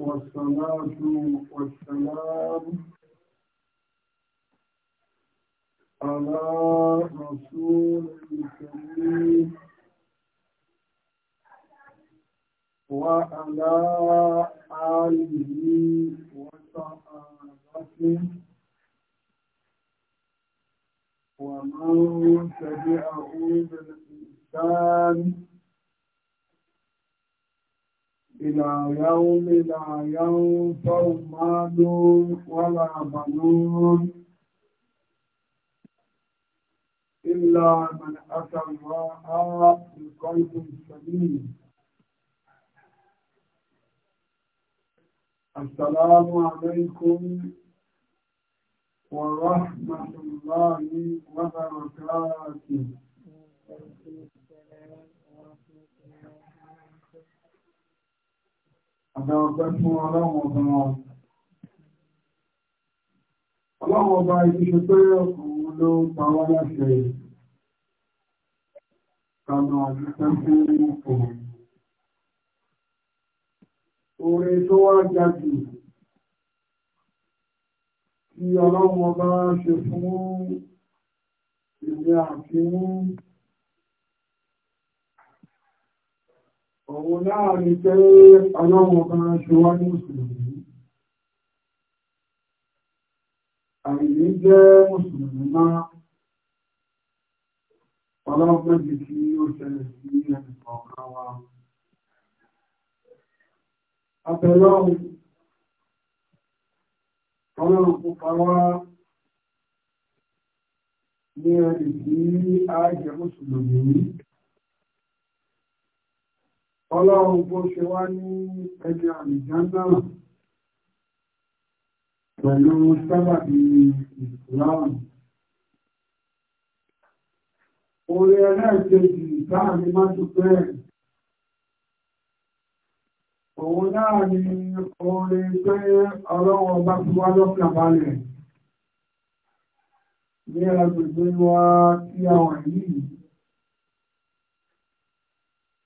والصلاة والسلام على رسول الكريم وعلى آله وصحابته ومن تبعه بالإنسان إلى يوم لا ينفع مال ولا بنون إلا من أتى الله بقلب سليم السلام عليكم ورحمة الله وبركاته àdáwọ̀pẹ́ fún ọlọ́run ọba wọn. Ọlọ́run ọba ìṣe pé òun ló pa wá láṣẹ kànà àdúgbò fún òun. Orin tó wá jáde tí ọlọ́run ọba ṣe fún ìgbé Òun náà ni pé ọlọ́run kan ṣe wá ní Mùsùlùmí. Àìní jẹ́ Mùsùlùmí máa ọlọ́run méjì tí ó ṣẹlẹ̀ sí ẹnì kọ̀ọ̀kan wa. Àtẹ̀lọ́run ọlọ́run pupa wá ní ẹni tí a Mùsùlùmí ọlọ́run bó ṣe wá ní ẹni àmìjánná pẹ̀lú sábàbí ìsìláàmù orí ẹlẹ́ẹ̀kejì láàrin májúpẹ́ òun náà ni orí pé ọlọ́run ọba ti wá lọ́kàn balẹ̀ ní agbègbè wa tí àwọn yìí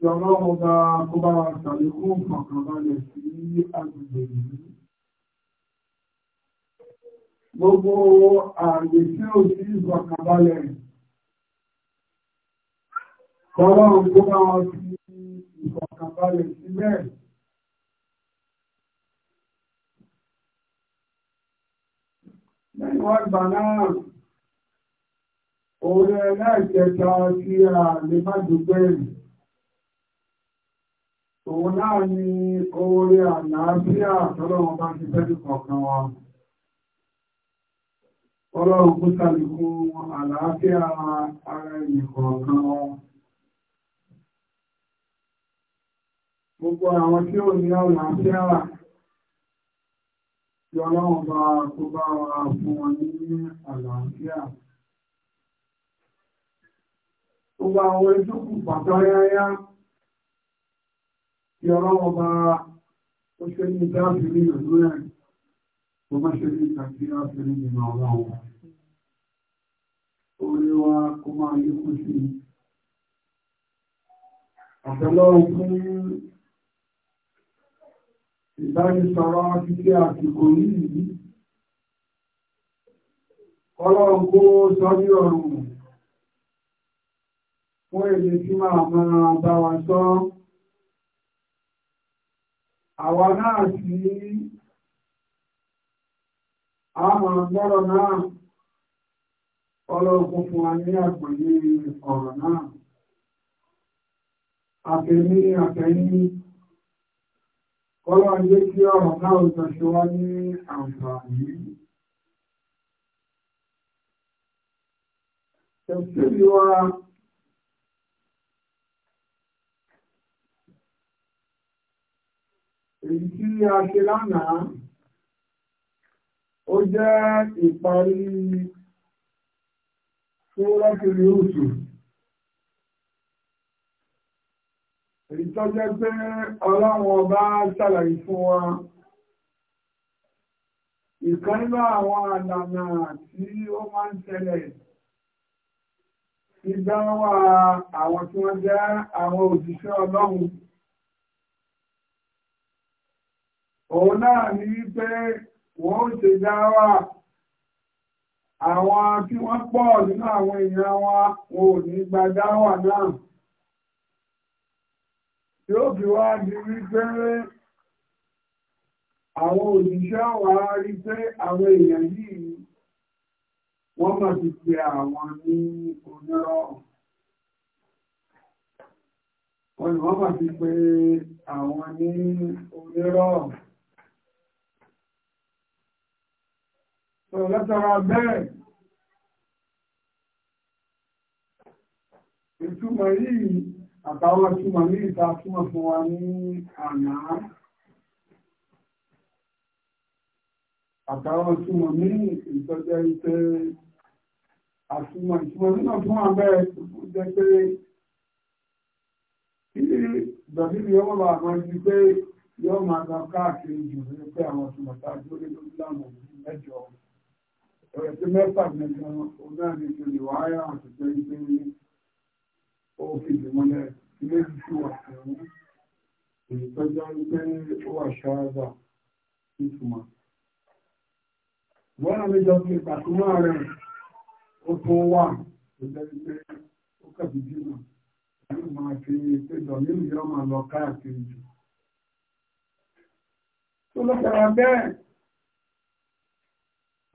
Ìjọlọ́wọ́ bá kó bá wa ṣàlékún fọ̀kànbalẹ̀ sí agbègbè yìí. Gbogbo ààyè tí ó sí ìfọ̀kànbalẹ̀. Ìjọlọ́wọ́ kó bá wa sí ìfọ̀kànbalẹ̀ sílẹ̀. Lẹ́yìn wá gbà náà, òun ẹlẹ́ẹ̀kẹta tí a lè má dùgbẹ́rì. Òun náà ni oore àlàáfíà tọ́lọ́wọ́n bá ti fẹ́lú kọ̀ọ̀kan wa. Ọlọ́run kó sàlékún àlàáfíà ara ẹni kọ̀ọ̀kan wa. Gbogbo àwọn tí ó ní àlàáfíà tí ọlọ́run bá kó bá wa fún wọn ní àlàáfíà. Gbogbo àwọn kí ọlọ́wọ́ bá ó ṣe ní dáàbì ní ìlú ẹ̀ tó má ṣe ní ìtàkì láti rí ìmọ̀ ọlọ́wọ́ orí wa kó máa yí kú sí àtẹ́lọ́rùn fún ìbánisọ̀rọ̀ títí àsìkò yìí ọlọ́run kó sọ ní ọ̀rùn fún èdè tí máa máa bá wa sọ́ọ́ àwa náà sí àmà gbọ́rọ̀ náà ọlọ́run fún wa ní àgbòyé ọ̀rọ̀ náà àtẹ̀mí àtẹ̀yìn kọ́lọ̀ ayé kí ọ̀rọ̀ náà ó tọ́ṣe wá ní àǹfààní tẹ̀síwá èyí tí a ṣe lánàá ó jẹ́ ìparí fún lọ́kìnrin oṣù èyí tó jẹ́ pé ọlọ́run ọba ṣàlàyé fún wa ìkan nínú àwọn àlànà tí ó máa ń ṣẹlẹ̀ ìdánwà àwọn tí wọ́n jẹ́ àwọn òjíṣẹ́ ọlọ́run òun náà ní wípé wọ́n ó ṣe dáwà àwọn tí wọ́n pọ̀ nínú àwọn èèyàn wa wọn ò ní gba dáwà náà yóò fi wá di wípé àwọn òṣìṣẹ́ wa rí pé àwọn èèyàn yìí wọ́n mọ̀ ti pe àwọn ní onírọ̀ wọ́n mọ̀ ti pe àwọn ní onírọ̀. sọ̀rọ̀ látara bẹ́ẹ̀ ìtumọ̀ yìí àtàwọn túmọ̀ ní ìta túmọ̀ fún wa ní àná àtàwọn túmọ̀ ní ìtọ́jẹ́ ìtẹ́ àtúmọ̀ ìtumọ̀ nínú fún abẹ́ jẹ́ pé kí ìgbàdìrí ọmọ bàbá máa di pé yóò máa lọ káàkiri jù ní pé àwọn túmọ̀ tá a dúró lórí láwọn mẹ́jọ ọ̀hún ẹ̀rẹ̀ o mẹ́fà nìkan ọ̀nà ní ti lè wáyà àtìgbẹ́ ìgbé ní ó fi ìdìmọ́lẹ̀ ilé ìṣú wà fún èyí tó jẹ́ wípé ó wà ṣááza ìtumọ̀. wọ́n náà méjọ fi ìpàtúmọ̀ rẹ̀ ó tún wà tó jẹ́ wípé ó kàbí jìnnà yóò máa fi péjọ nínú yóò máa lọ káàkiri jù. tó lọ́kọ̀ọ́ bẹ́ẹ̀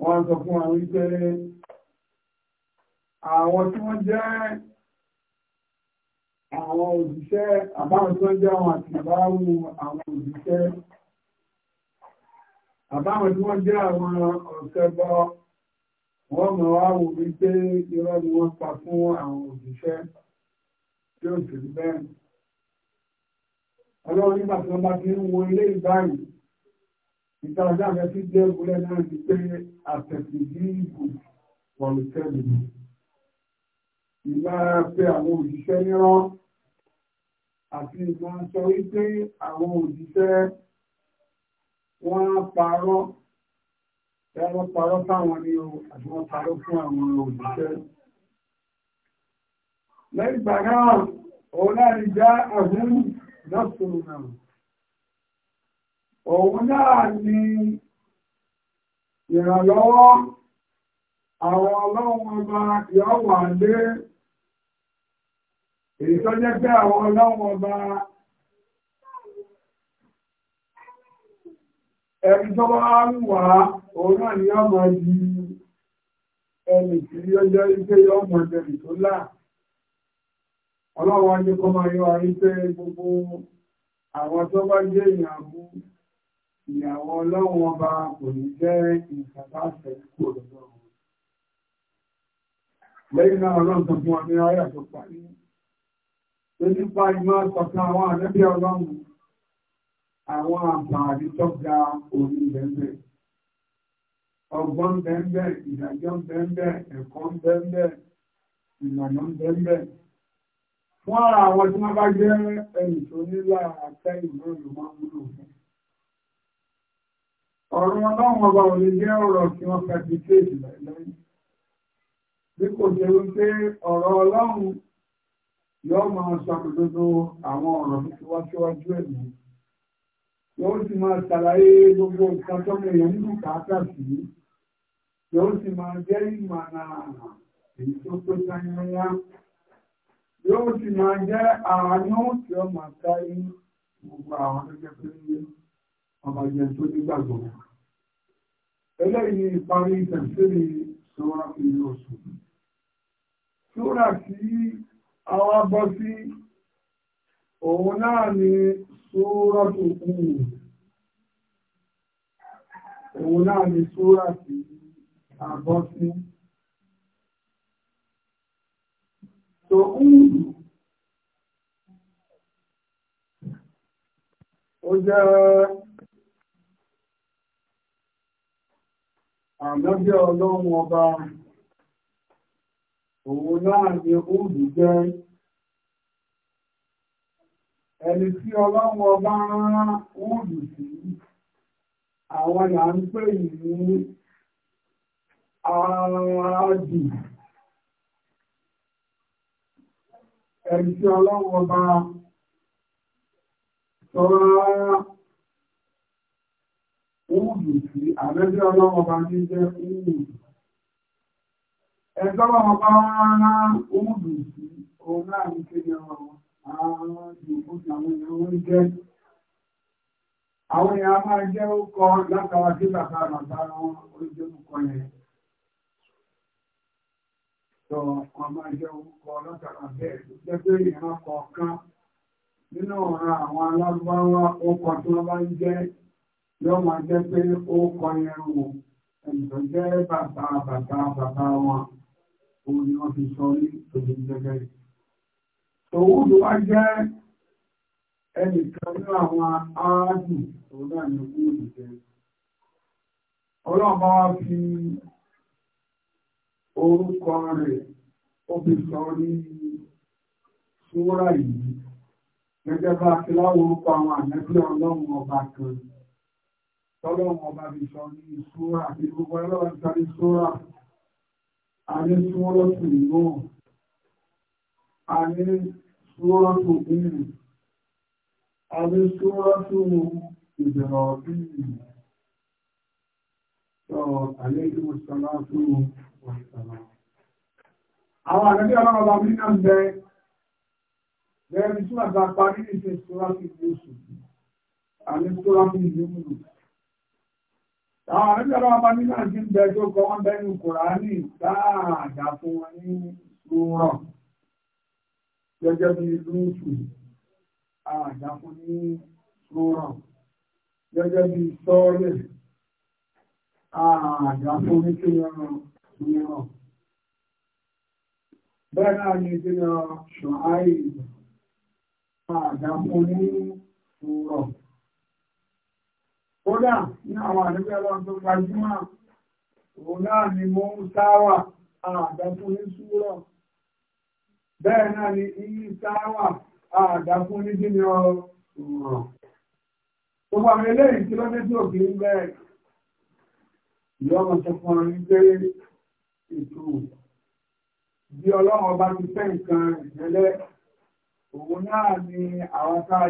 wọ́n sọ fún wa wípé àwọn tí wọ́n jẹ́ àwọn òṣìṣẹ́ àbáwọn tí wọ́n jẹ́ àwọn àtìbáwù àwọn òṣìṣẹ́ àbáwọn tí wọ́n jẹ́ àwọn ọ̀sẹ̀bọ wọ́n mọ̀ wá wò wípé irọ́ ni wọ́n pa fún àwọn òṣìṣẹ́ tí ó sì rí bẹ́ẹ̀ ọlọ́run nígbà tí wọ́n bá ti ń wo ilé ìbáyìí ìta ọjà rẹ̀ ti jẹ́ ìwúlẹ̀ náà ti pé àtẹ̀sìdí ìbò pọ̀lùtẹ́lù ìmá pé àwọn òṣìṣẹ́ nírán àti ìmọ̀ sọ wípé àwọn òṣìṣẹ́ wọ́n parọ́ ẹwọ́n parọ́ fáwọn ni o àti wọ́n parọ́ fún àwọn òṣìṣẹ́ lẹ́yìn gbàgbà òun náà ní já àhún lọ́sùn náà òun náà ni ìrànlọ́wọ́ àwọn ọlọ́run ọba yọ́wà lé èyí tó jẹ́ pé àwọn ọlọ́run ọba ẹni tó bá ń wà òun náà ni yọ́ mọ̀ di ẹni tí yọ́ jẹ́ ipé yọ́ mọ̀ jẹ́rì tó ọlọ́run kọ́ máa yọ gbogbo àwọn tó bá jẹ́ ìyàwó ọlọ́run ọba kò ní jẹ́ nǹkan bá fẹ́ kó lọ́wọ́ lẹ́yìn náà ọlọ́run tó fún ọdún ayà tó parí tó nípa ìmọ̀ ọ̀sán àwọn àdẹ́bí ọlọ́run àwọn àǹfààní tó ga orí bẹ́ẹ̀ ọgbọ́n bẹ́ẹ̀ ìdájọ́ bẹ́ẹ̀ ẹ̀kọ́ bẹ́ẹ̀ ìlànà bẹ́ẹ̀ fún àwọn tí wọ́n bá jẹ́ ẹnì tó nílà àtẹ́ ìlú ìlú máa ń lò fún ọ̀rọ̀ ọlọ́run ọba ò lè jẹ́ ọ̀rọ̀ tí wọ́n fẹ́tíkéèjì lẹ́yìn bí kò ṣe wípé ọ̀rọ̀ ọlọ́run yóò máa ṣàkóso àwọn ọ̀rọ̀ tó ti wá síwájú ẹ̀mí yóò sì máa ṣàlàyé gbogbo nǹkan tó lè yẹn nínú kàákà sí yóò sì máa jẹ́ ìmọ̀nà èyí tó pé sáyẹ́yá yóò sì máa jẹ́ àánú tí ó máa ká ní gbogbo àwọn tó jẹ́ pé ọmọ ìyẹn tó nígbàgbọ́ wọn eléyìí ìparí tẹ̀sílì ṣọ́ra ìlú oṣù ṣúra tí àwa bọ́ sí òun náà ni ṣúra tó kú òun náà ni ṣúra tí a bọ́ sí tó kúrù ó jẹ́ ànábì ọlọ́run ọba òun náà ni úùdù jẹ́ ẹni tí ọlọ́run ọba rán úùdù sí àwọn là ń pè ní àádì ẹni tí ọlọ́run ọba sọ̀rọ̀ Udu sí àbẹ́jẹ́ ọla bá ní jẹ́ oúdù. Ẹgbọ́n ọba rárá oúdù sí òun náà ní kéde àwọn ìgbòkó àwọn ìyàwó ń jẹ́. máa jẹ́ orúkọ bẹ́ẹ̀ tó jẹ́ pé nínú àwọn alágbáwá tí wọ́n bá yóò máa jẹ́ pé ó kọ irun wò ẹ̀sùn jẹ́ bàbá bàbá bàbá wọn òun ni wọ́n fi sọ ní tòbí gẹ́gẹ́ rẹ̀. Tòwúdù wá jẹ́ ẹnìkan nínú àwọn áádù òun náà ní ogún òdìjẹ́. Ọlọ́run bá wá fi orúkọ rẹ̀ ó fi sọ ní súwúrà yìí gẹ́gẹ́ bá a ti láwọn orúkọ àwọn àmẹ́bí ọlọ́run ọba kan tọ́lọ́wọ́n ọba fi sọ ní ìṣúra ìgbogbo ẹlọ́wọ́ ti sáré ṣúra àní ṣúra tó ìlú àní ṣúra tó ìlú àní ṣúra tó ìbẹ̀rọ̀ bí sọ àlejò ìṣọ́lá tó ìṣọ́lá. Àwọn àgbẹ̀bí náà bẹ bẹ́ẹ̀ ni ṣúra gba parí ní ṣe ṣúra tó ìlú àní ṣúra tó ìlú Àwọn àrẹ́bẹ̀rẹ̀ ọba nínú àti ìgbẹ́jọ́ kọ wọ́n bẹ́nu Kùránì dáàdà fún wọn ní ṣúrọ̀. Gẹ́gẹ́ bí Lúùsù, àdà fún ní ṣúrọ̀. Gẹ́gẹ́ bí Sọ́ọ̀lẹ̀, àdà fún ní ṣúrọ̀. Bẹ́ẹ̀ náà ni ìdílé ṣùháì, àdà fún ní ṣúrọ̀ kódà ní àwọn àdúgbò ọlọ́run tó gbajúmọ̀ òun náà ni mo ń sáwà àdàfún ní súrọ̀ bẹ́ẹ̀ náà ni iye sáwà àdàfún ní kíni ọ̀rọ̀ tó bá mi léyìn tí lọ́dẹ́ tí òkè ń bẹ́ẹ̀ ìyọ́mọ̀ tó fún ọ tá a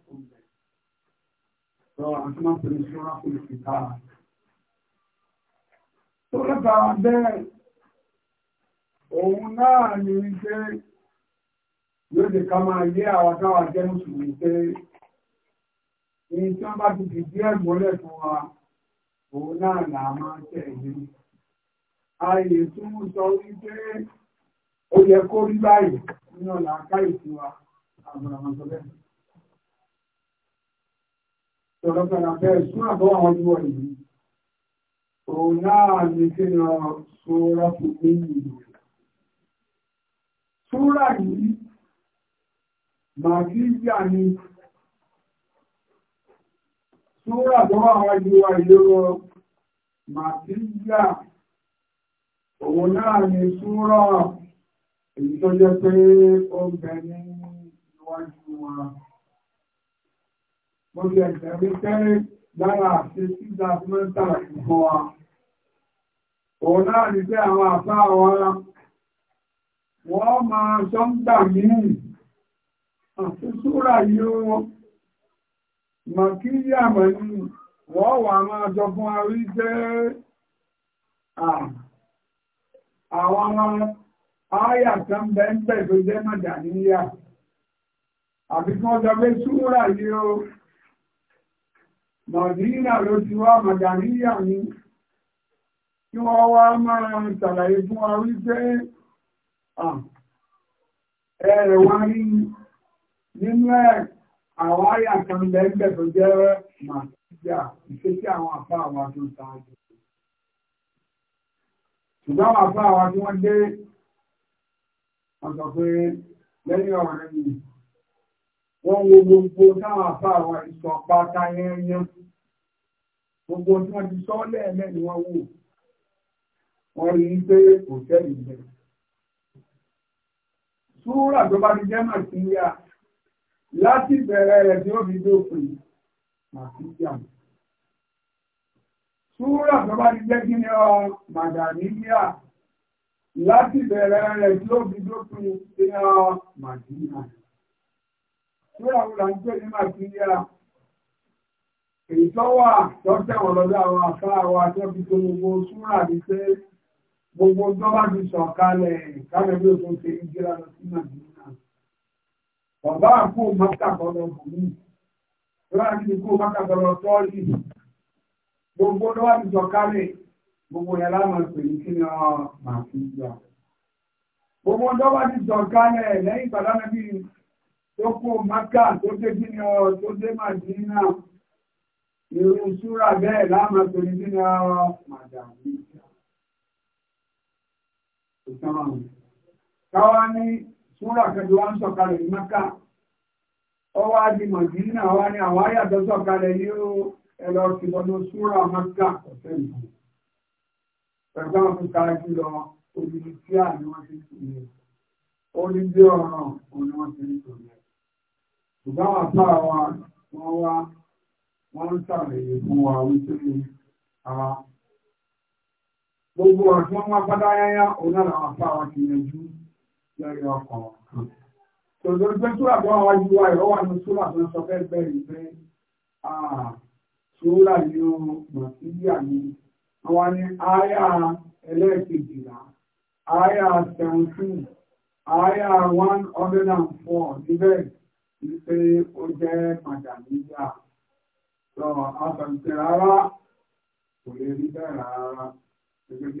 Tó lẹ́ta bẹ́ẹ̀, òun náà ni wípé yóò jẹ ká máa yé àwọn táwà jẹ́ mùsùlùmí pé ní tí wọ́n bá ti fi díẹ̀ mọ́lẹ̀ fún wa, òun náà là máa tẹ̀lé. Ààyè tún mú sọ wípé ó yẹ kó rí báyìí nínú làákàyè tiwa, àbúràmọ́sọ bẹ́ẹ̀ tọ̀lọ́pẹ̀lá bẹ́ẹ̀ sún àbọ́ àwọn ìwọ̀ yìí òun náà ní kí lọ sọ́rọ́ fún ní ìlú súrà yìí màtíríà ni súrà tó àwọn ìwà ìlérò màtíríà òun náà ní súrà èyí tó jẹ́ pé ó bẹ̀ ní wọn mo lè tẹ̀lé tẹ́rẹ lára àti síta tí wọ́n ń tààrà fún wa òun náà ní pé àwọn àfá wa wọ́n máa sọ́ńgbà míì àti súra yóò màkíyà mẹ́nu wọ́n wà máa jọ fún arí jẹ́ àwọn ààyà kan bẹ́ẹ̀ bẹ́ẹ̀ tó jẹ́ màjà níyà àbíkọ́ jọ pé súra yóò nàìjíríà ló ti wá màdàníyà ni kí wọ́n wá máa ṣàlàyé fún wa wípé ẹ̀rẹ̀ wá rí nínú ẹ̀ àwọn àyà kan lẹ́gbẹ̀ẹ́ tó jẹ́ màtíjà ìṣesí àwọn àfa àwa tó ṣáájú ṣùgbọ́n àwọn àfa àwa tí wọ́n dé wọ́n sọ pé lẹ́yìn ọ̀rẹ́ gbogbo tí wọ́n ti sọ lẹ́ẹ̀mẹ́ ni wọ́n wò wọ́n rí i pé kò sẹ́yìn bẹ́ẹ̀. Súúrà tó bá ti jẹ́ màtíríà láti bẹ̀rẹ̀ rẹ̀ tí ó fi dópin màtíríà. Súúrà tó bá ti jẹ́ kí ni ọ màdàníríà láti bẹ̀rẹ̀ rẹ̀ tí ó fi dópin kí ni ọ màtíríà. Súúrà wo là ń pè ní màtíríà? èyí tó wà lọ́tẹ̀ wọn lọ́dọ̀ àwọn afárá wa tó fi tó gbogbo súnmọ́ àbí pé gbogbo tó bá ti sọ̀ kalẹ̀ kálẹ̀ bí o tó ṣe ń jíra lọ sí nàìjíríà bàbá àpò mọ́tàkọ́lọ́ bùnú lọ́wọ́ àti ìkó mọ́tàkọ́lọ́ tọ́lì gbogbo tó bá ti sọ̀ kalẹ̀ gbogbo yẹn láwọn ìpè ní kí ni ọ máa fi gbà gbogbo tó bá ti sọ̀ kalẹ̀ lẹ́yìn ìpàdánù bíi tó kó mọ́tà tó dé kí ọ tó dé màdínà irú súra bẹ́ẹ̀ láàmà torí nínú ọ̀rọ̀ màdàmíkà káwá ní súra kẹjọ wá ń sọ̀kalẹ̀ ní mẹ́kà ọwọ́ adi mọ̀dínà wá ní àwọn àyàtọ̀ sọ̀kalẹ̀ ní ẹlọ ti bọ́nú súra mẹ́kà ọ̀sẹ̀ nìkan pẹ̀lú àwọn tó ká jùlọ obìnrin tí à ní wọ́n ti ń sùn yẹn ó ní wọ́n ń sàrẹ̀yẹ fún wa wípé gbogbo àti wọ́n máa padà yáyá onára àpá wa kì yanjú lẹ́rẹ̀ ọkọ̀ kan. Tòdó gbé súrà tó wà ju wa ìrọ́wà ní súrà tó ń sọ fẹ́ bẹ́ẹ̀ pé súrà ni ó mọ̀ sí yíyà ni. Àwọn ni àyà ẹlẹ́ẹ̀kejìlá, àyà seventeen, àyà one hundred and four níbẹ̀ ní pé ó jẹ́ màdàmíyà lọ́wọ́ àtàntẹ́ rárá kò lè àyà rẹ̀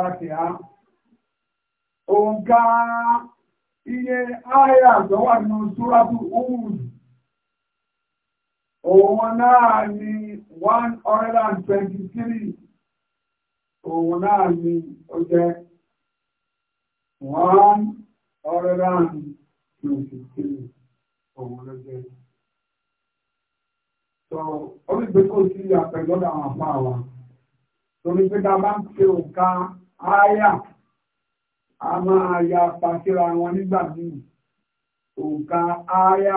náà káwọn iye àyà àjọwà nínú súrátù òun òun náà ní one hundred twenty three. òun náà ni ó jẹ́ one hundred and twenty three òun ló jẹ́. kò sí àpẹ̀lọ́dọ̀ àwọn àpá wa torí pé tá a bá ń ṣe òǹkà áyà a máa ya pàṣírà wọn nígbà míì òǹkà áyà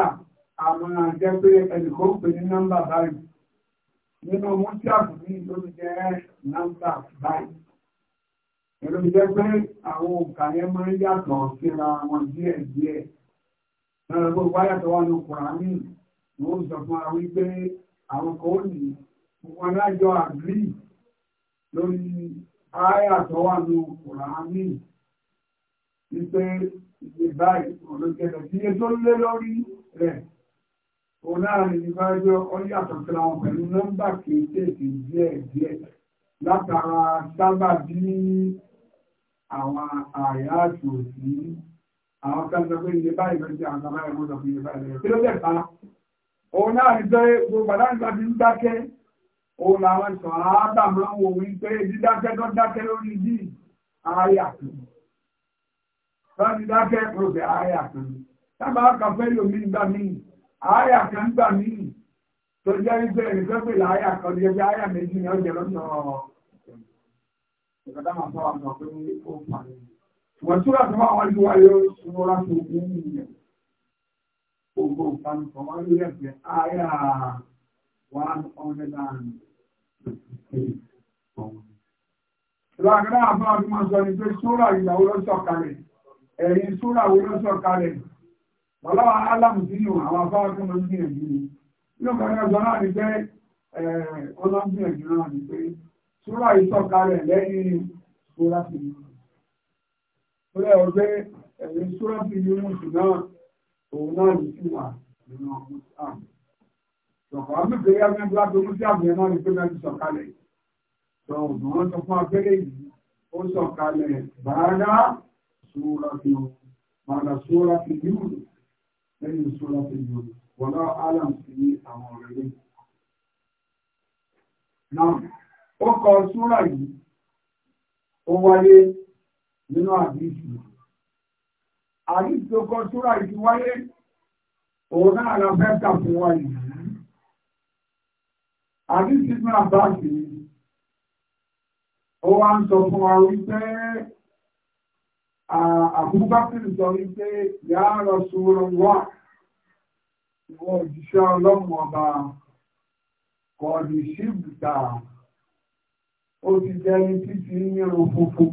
a máa jẹ́ pé ẹnìkan pè ní nọ́mbà nínú wọn tí àbùrí ló ń jẹ́ nọ́mbà báyìí ẹ̀rọ jẹ́ pé àwọn òǹkà yẹn máa ń yàtọ̀ síra wọn díẹ̀ díẹ̀ náà gbogbo ayàtọ̀ wọn ní kùránì ni ó sọ fún wa wípé àwọn kan ó ní wọn lájọ àbúrí lórí ayàtọ̀ wà ní kùránì wípé ìgbé báyìí ọ̀lọ́jẹ̀lẹ̀ tí iye tó lé lórí rẹ̀ òun láàrin nígbàjọ́ ọ yàtọ̀ síra wọn pẹ̀lú nọ́mbà kéékèèké díẹ̀ díẹ̀ látara sábà bí àwọn àyà àti òsì àwọn kan sọ pé iye báyìí lọ́jọ́ àwọn kan báyìí wọ́n sọ pé iye báyìí lọ́jọ́ kí ló dẹ̀ fa òun náà ní sọ́yẹ́ gbogbo àdáńgbà ti ń dákẹ́ òun làwọn sọ àábà máa ń wo wípé dídákẹ́ tó dákẹ́ lórí yìí ààyà kan lọ́dí dákẹ́ pé ààyà kan sábà kàfẹ́ lómi gbà míì àáyà kan gbà míì tó jẹ́ wípé ìfẹ́pẹ̀ láyà kan jẹ́ bí àáyà méjì ni ó jẹ lọ́nà ìkọ̀dá máa fọwọ́ sọ pé ó fà ní. ṣùgbọ́n tí wọ́n ti máa wọ́n ju wáyé sunwọ́n one hundred and fifty Ìlànà àbá àbí máa sọ ni pé súrà ìyàwó ló sọ̀kalẹ̀, Bàbáwà Álámù sínú àwọn afárá tó ló ń gbìyànjú ni. Nínú kan náà gbọ́n láti pé ó ló ń gbìyànjú náà ni pé Súrà ìtọ́kalẹ̀ lẹ́yìn Súrà ti Yúnus. Súrà ọ̀ pé ẹ̀yìn Súrà ti Yúnus náà òun náà ní sí wà nínú ọmọ sáà. Sọ̀kọ̀ àmìkèrè ẹgbẹ́ láti omi sí àmì ẹ̀nà ìpé mẹ́rin sọ̀kalẹ̀. Sọ ọ̀dùn wọn sọ fún abẹ́rẹ́ yìí, ó sọ̀kalẹ̀ bàárá sóra fi hàn, lẹ́yìn sọ́lá tó yọ wọ́lá alam sí ní àwọn ọ̀rẹ́ lẹ́yìn. Náà, ó kọ súrà yìí, ó wáyé nínú àdìsí. Àdìsí tó kọ súrà yìí wáyé, òun náà la fẹ́ kà fún wa yìí. Àdìsí náà bá sí, ó wá ń sọ fún wa wípé Àbúbákìrì sọ wípé yà rọ sóró wà ìwọ̀n òjíṣẹ́ ọlọ́run ọba kọ̀ọ̀dì ṣíbùtà ó ti jẹ́ ní títí yírun funfun.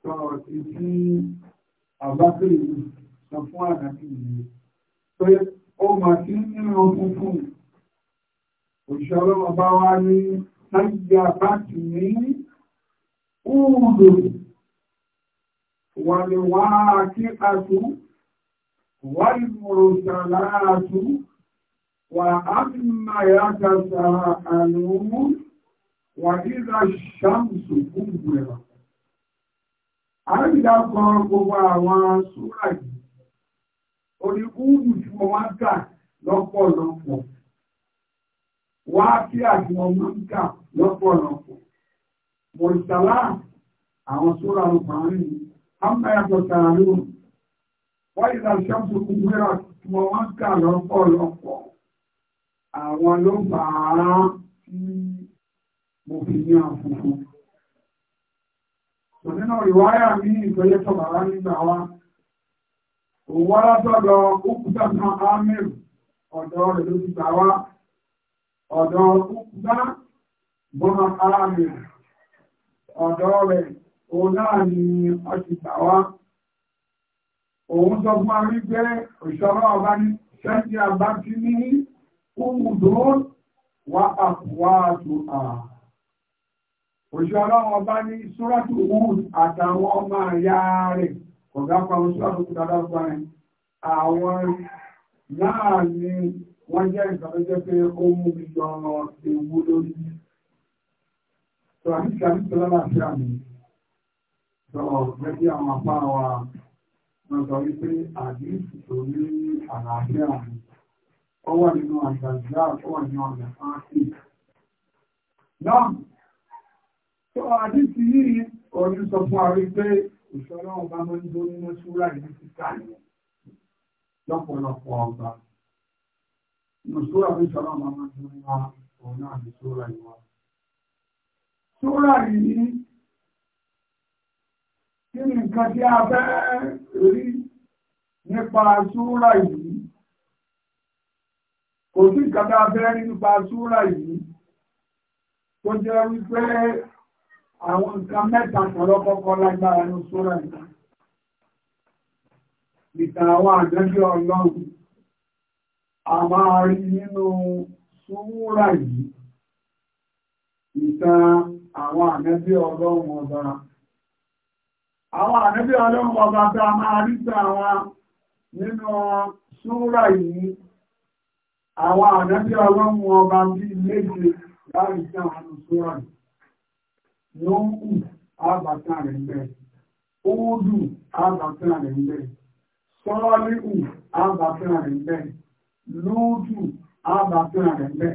Sọ ìdí àbákìrì sọ fún àdàkì yìí pé ó mà sí yírun funfun. Òjíṣẹ́ ọlọ́run ọba wá ní sáyà bá ti kúrò wàlèwà kí a tú wàlèmùrùsàlátú wà á ti máa yàtà sàrà àlùmú wà nígbà ṣàmùsù fún ìgbèrà. Àrídà kan gbogbo àwọn súrà yìí, oníkúrù tí wọ́n máa kà lọ́pọ̀lọpọ̀, wá kí àti wọ́n ń kà lọ́pọ̀lọpọ̀ mọ̀tàlá àwọn sóra ọkùnrin àmà yàtọ̀ tààrí wọ́n ìlà ṣọ́pù kúkúrẹ́ra tí wọ́n wá ń kà lọ́pọ̀ lọ́pọ̀ àwọn ló bá á tí mo fi ní àfúnfún tò nínú ìwáyà ní ìgbẹ́lẹ́ tọ̀bàrá nígbà wa òwú alátọ́dọ̀ òkúta kan amir ọ̀dọ́ rẹ̀ ló ti gbà wá ọ̀dọ̀ òkúta bọ́mọ amir ọ̀dọ́ rẹ̀ òun náà ni wọ́n ti gbà wá òun sọ fún wa wípé òṣèré ọba ní sẹ́ńtì àbá ti ní kúmùdó wà àpòwàtò à òṣèré ọba ní sóràtò wood àtàwọn ọmọ àyà rẹ̀ ọ̀gá pàwọn sóràtò kúta dáadáa rẹ̀ àwọn náà ni wọ́n jẹ́ ìgbàlódé pé ó mú mi yọ ewu lórí tó àti kí a ti tẹ́lá láti àmì sọ gẹ́gí àwọn apá wa wọ́n sọ wípé àdíṣì tó ní àlàáfíà àmì ó wà nínú àgbàjá ó wà nínú àgbàjá sí náà tó àdíṣì yìí orí sọ fún àrí pé ìṣọ́lá ọba mọ́ ní lórí mọ́ súra ìlú títà yẹn lọ́pọ̀lọpọ̀ ọba ìṣọ́lá ọba mọ́ ní lórí mọ́ òun náà ní súra ìwọ̀n Súra yìí, kí ni nǹkan tí a fẹ́ rí nípa súra yìí? Kò sí nǹkan tí a fẹ́ rí nípa súra yìí, tó jẹ́ wípé àwọn nǹkan mẹ́ta kọ̀lọ́kọ́kọ́ lágbára ní súra yìí. Ìtàn àwọn àjọ́jọ́ ọlọ́run, a máa rí nínú súra yìí. ìtàn àwọn ànẹ́bí ọlọ́run ọba àwọn ànẹ́bí ọlọ́run ọba tá máa rí tàn wọn nínú yìí àwọn ànẹ́bí ọlọ́run ọba bí méje láì àwọn súrà yìí ló ń kù àbàtàn rẹ̀ bẹ́ẹ̀ Odu rẹ̀ rẹ̀ rẹ̀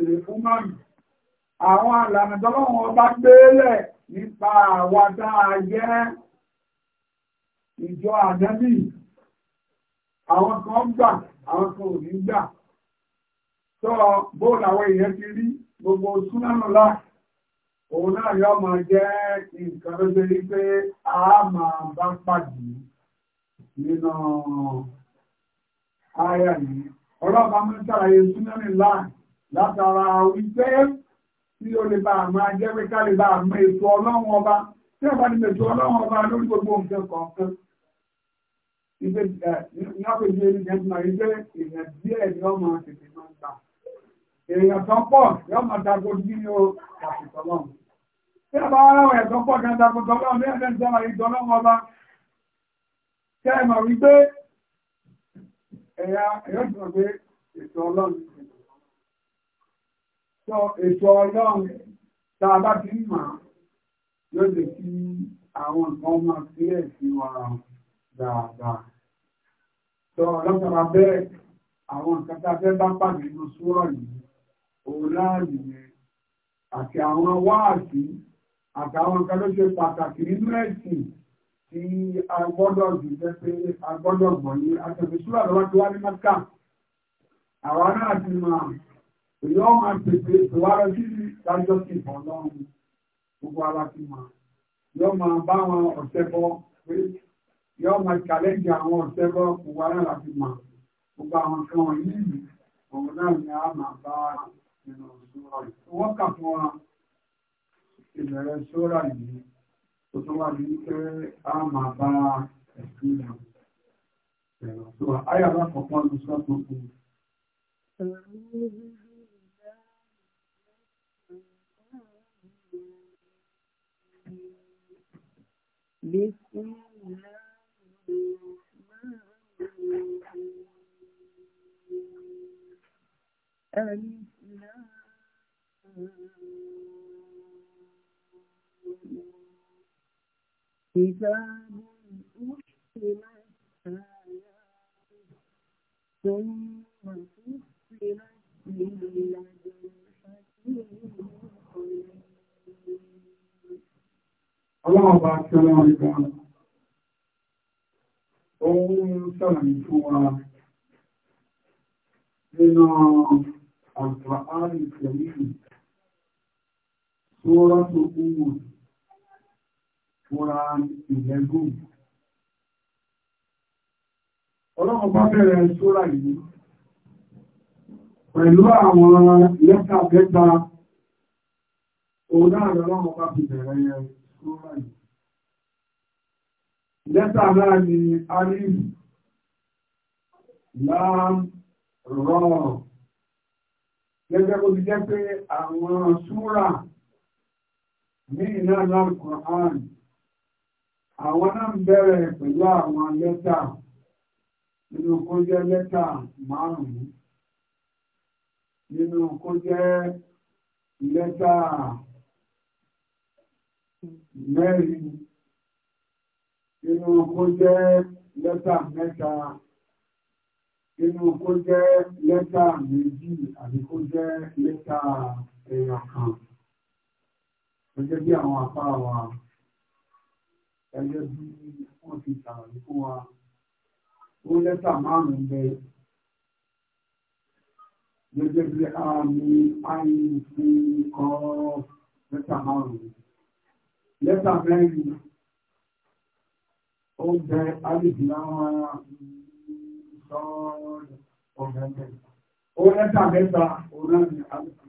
èrè fún márùn àwọn àlànà tọ́lọ́wọ́n ọba gbélẹ̀ nípa àwa tá a jẹ́ ìjọ ànábì àwọn kan gbà àwọn kan ò ní gbà tó bóòlù àwọn èèyàn ti rí gbogbo súnánù láà òun náà yọ máa jẹ́ nǹkan tó ṣe rí pé a máa bá pàdé nínú àyà yìí ọlọ́pàá mẹ́tàlá yẹn súnánù láà látara wípé tí ó lè bá àmọ́ ajẹ́ pé ká lè bá àmọ́ ètò ọlọ́run ọba tí ọba ní ètò ọlọ́run ọba lórí gbogbo nǹkan kọ̀ọ̀kan ìgbé lápèjì ẹni jẹ́ fún àyè pé èèyàn díẹ̀ ni ọmọ tètè máa ń gbà èèyàn tó pọ̀ yóò máa dago bí ní o kàpìtọ̀ lọ́run tí ọba ara rẹ̀ tó pọ̀ kan dago tọ́lọ́run ní ẹ̀fẹ́ ìjọba ìjọlọ́run ọba tẹ́ ẹ mọ̀ wípé ẹ̀yà ẹ̀yọ́ ìjọba ètò ọlọ́run tó ètò ọlọ́run tá a bá ti ń mọ̀ yóò lè fi àwọn nǹkan máa sílẹ̀ sí wa dáadáa. tó ọlọ́pàá bẹ́ẹ̀ àwọn nǹkan tá a fẹ́ bá pàdé nínú súrọ̀ yìí òun láàyè yẹn àti àwọn wáàsí àtàwọn nǹkan ló ṣe pàtàkì nínú ẹ̀sìn tí a gbọ́dọ̀ jù jẹ́ pé a gbọ́dọ̀ gbọ̀ ní àtẹ̀fẹ́súrà lọ́wọ́ tí wá ní mẹ́kà àwa náà ti mọ̀ Èyàn máa pèpè ìwárọ̀ títí dájọ́ sí ìbọn lọ́rùn gbogbo ara ti mọ̀. Yọ́ máa bá àwọn ọ̀sẹ̀ bọ́ pé yọ́ máa ṣàlẹ́jì àwọn ọ̀sẹ̀ bọ́ gbogbo ara láti mọ̀. Gbogbo àwọn kan wọ̀nyí òun náà ni a máa bá nínú ìṣúra yìí. Wọ́n kà fún wa ìbẹ̀rẹ̀ ìṣúra yìí tó tó wà ní pé a máa bá ẹ̀sìn ìlànà. Ẹ̀rọ tó wà, ayọ̀ alákọ̀ọ́kọ́ ló sọ́kùnkùn. بسم الله الرحمن الرحيم كتاب أحكمت آياته ثم فصلت من لدن حكيم ọlọ́run bá kí ọlọ́run ìgbà ohun sọ̀rọ̀ fún wa nínú àgbà ààrẹ ìfẹ̀lẹ́fì tó rọ́tò ohun fúnra ìlẹ́gùn ọlọ́run bá bẹ̀rẹ̀ sóra yìí pẹ̀lú àwọn lẹ́tà mẹ́ta òun náà lọ́wọ́ bá fi bẹ̀rẹ̀ yẹn lẹ́tà náà ni alif lam rọ gẹ́gẹ́ bó ti jẹ́ pé àwọn súrà ní iná náà Qur'an àwọn náà bẹ̀rẹ̀ pẹ̀lú àwọn lẹ́tà nínú kó jẹ́ lẹ́tà márùn-ún nínú kó jẹ́ lẹ́tà mẹ́rin inú kó jẹ́ lẹ́tà mẹ́ta inú kó jẹ́ lẹ́tà méjì àti kó jẹ́ lẹ́tà ẹ̀yà kan gẹ́gẹ́ bí àwọn apá wa gẹ́gẹ́ bí wọ́n ti ṣàlàyé fún wa ó lẹ́tà márùn-ún bẹ gẹ́gẹ́ bí àmì àìsí kọ́ lẹ́tà márùn-ún lẹ́tà mẹ́rin oúnjẹ alìsì láwọn sọ́ọ̀rọ̀ ọ̀gẹ̀gẹ̀ ó lẹ́tà mẹ́ta orílẹ̀ alìsì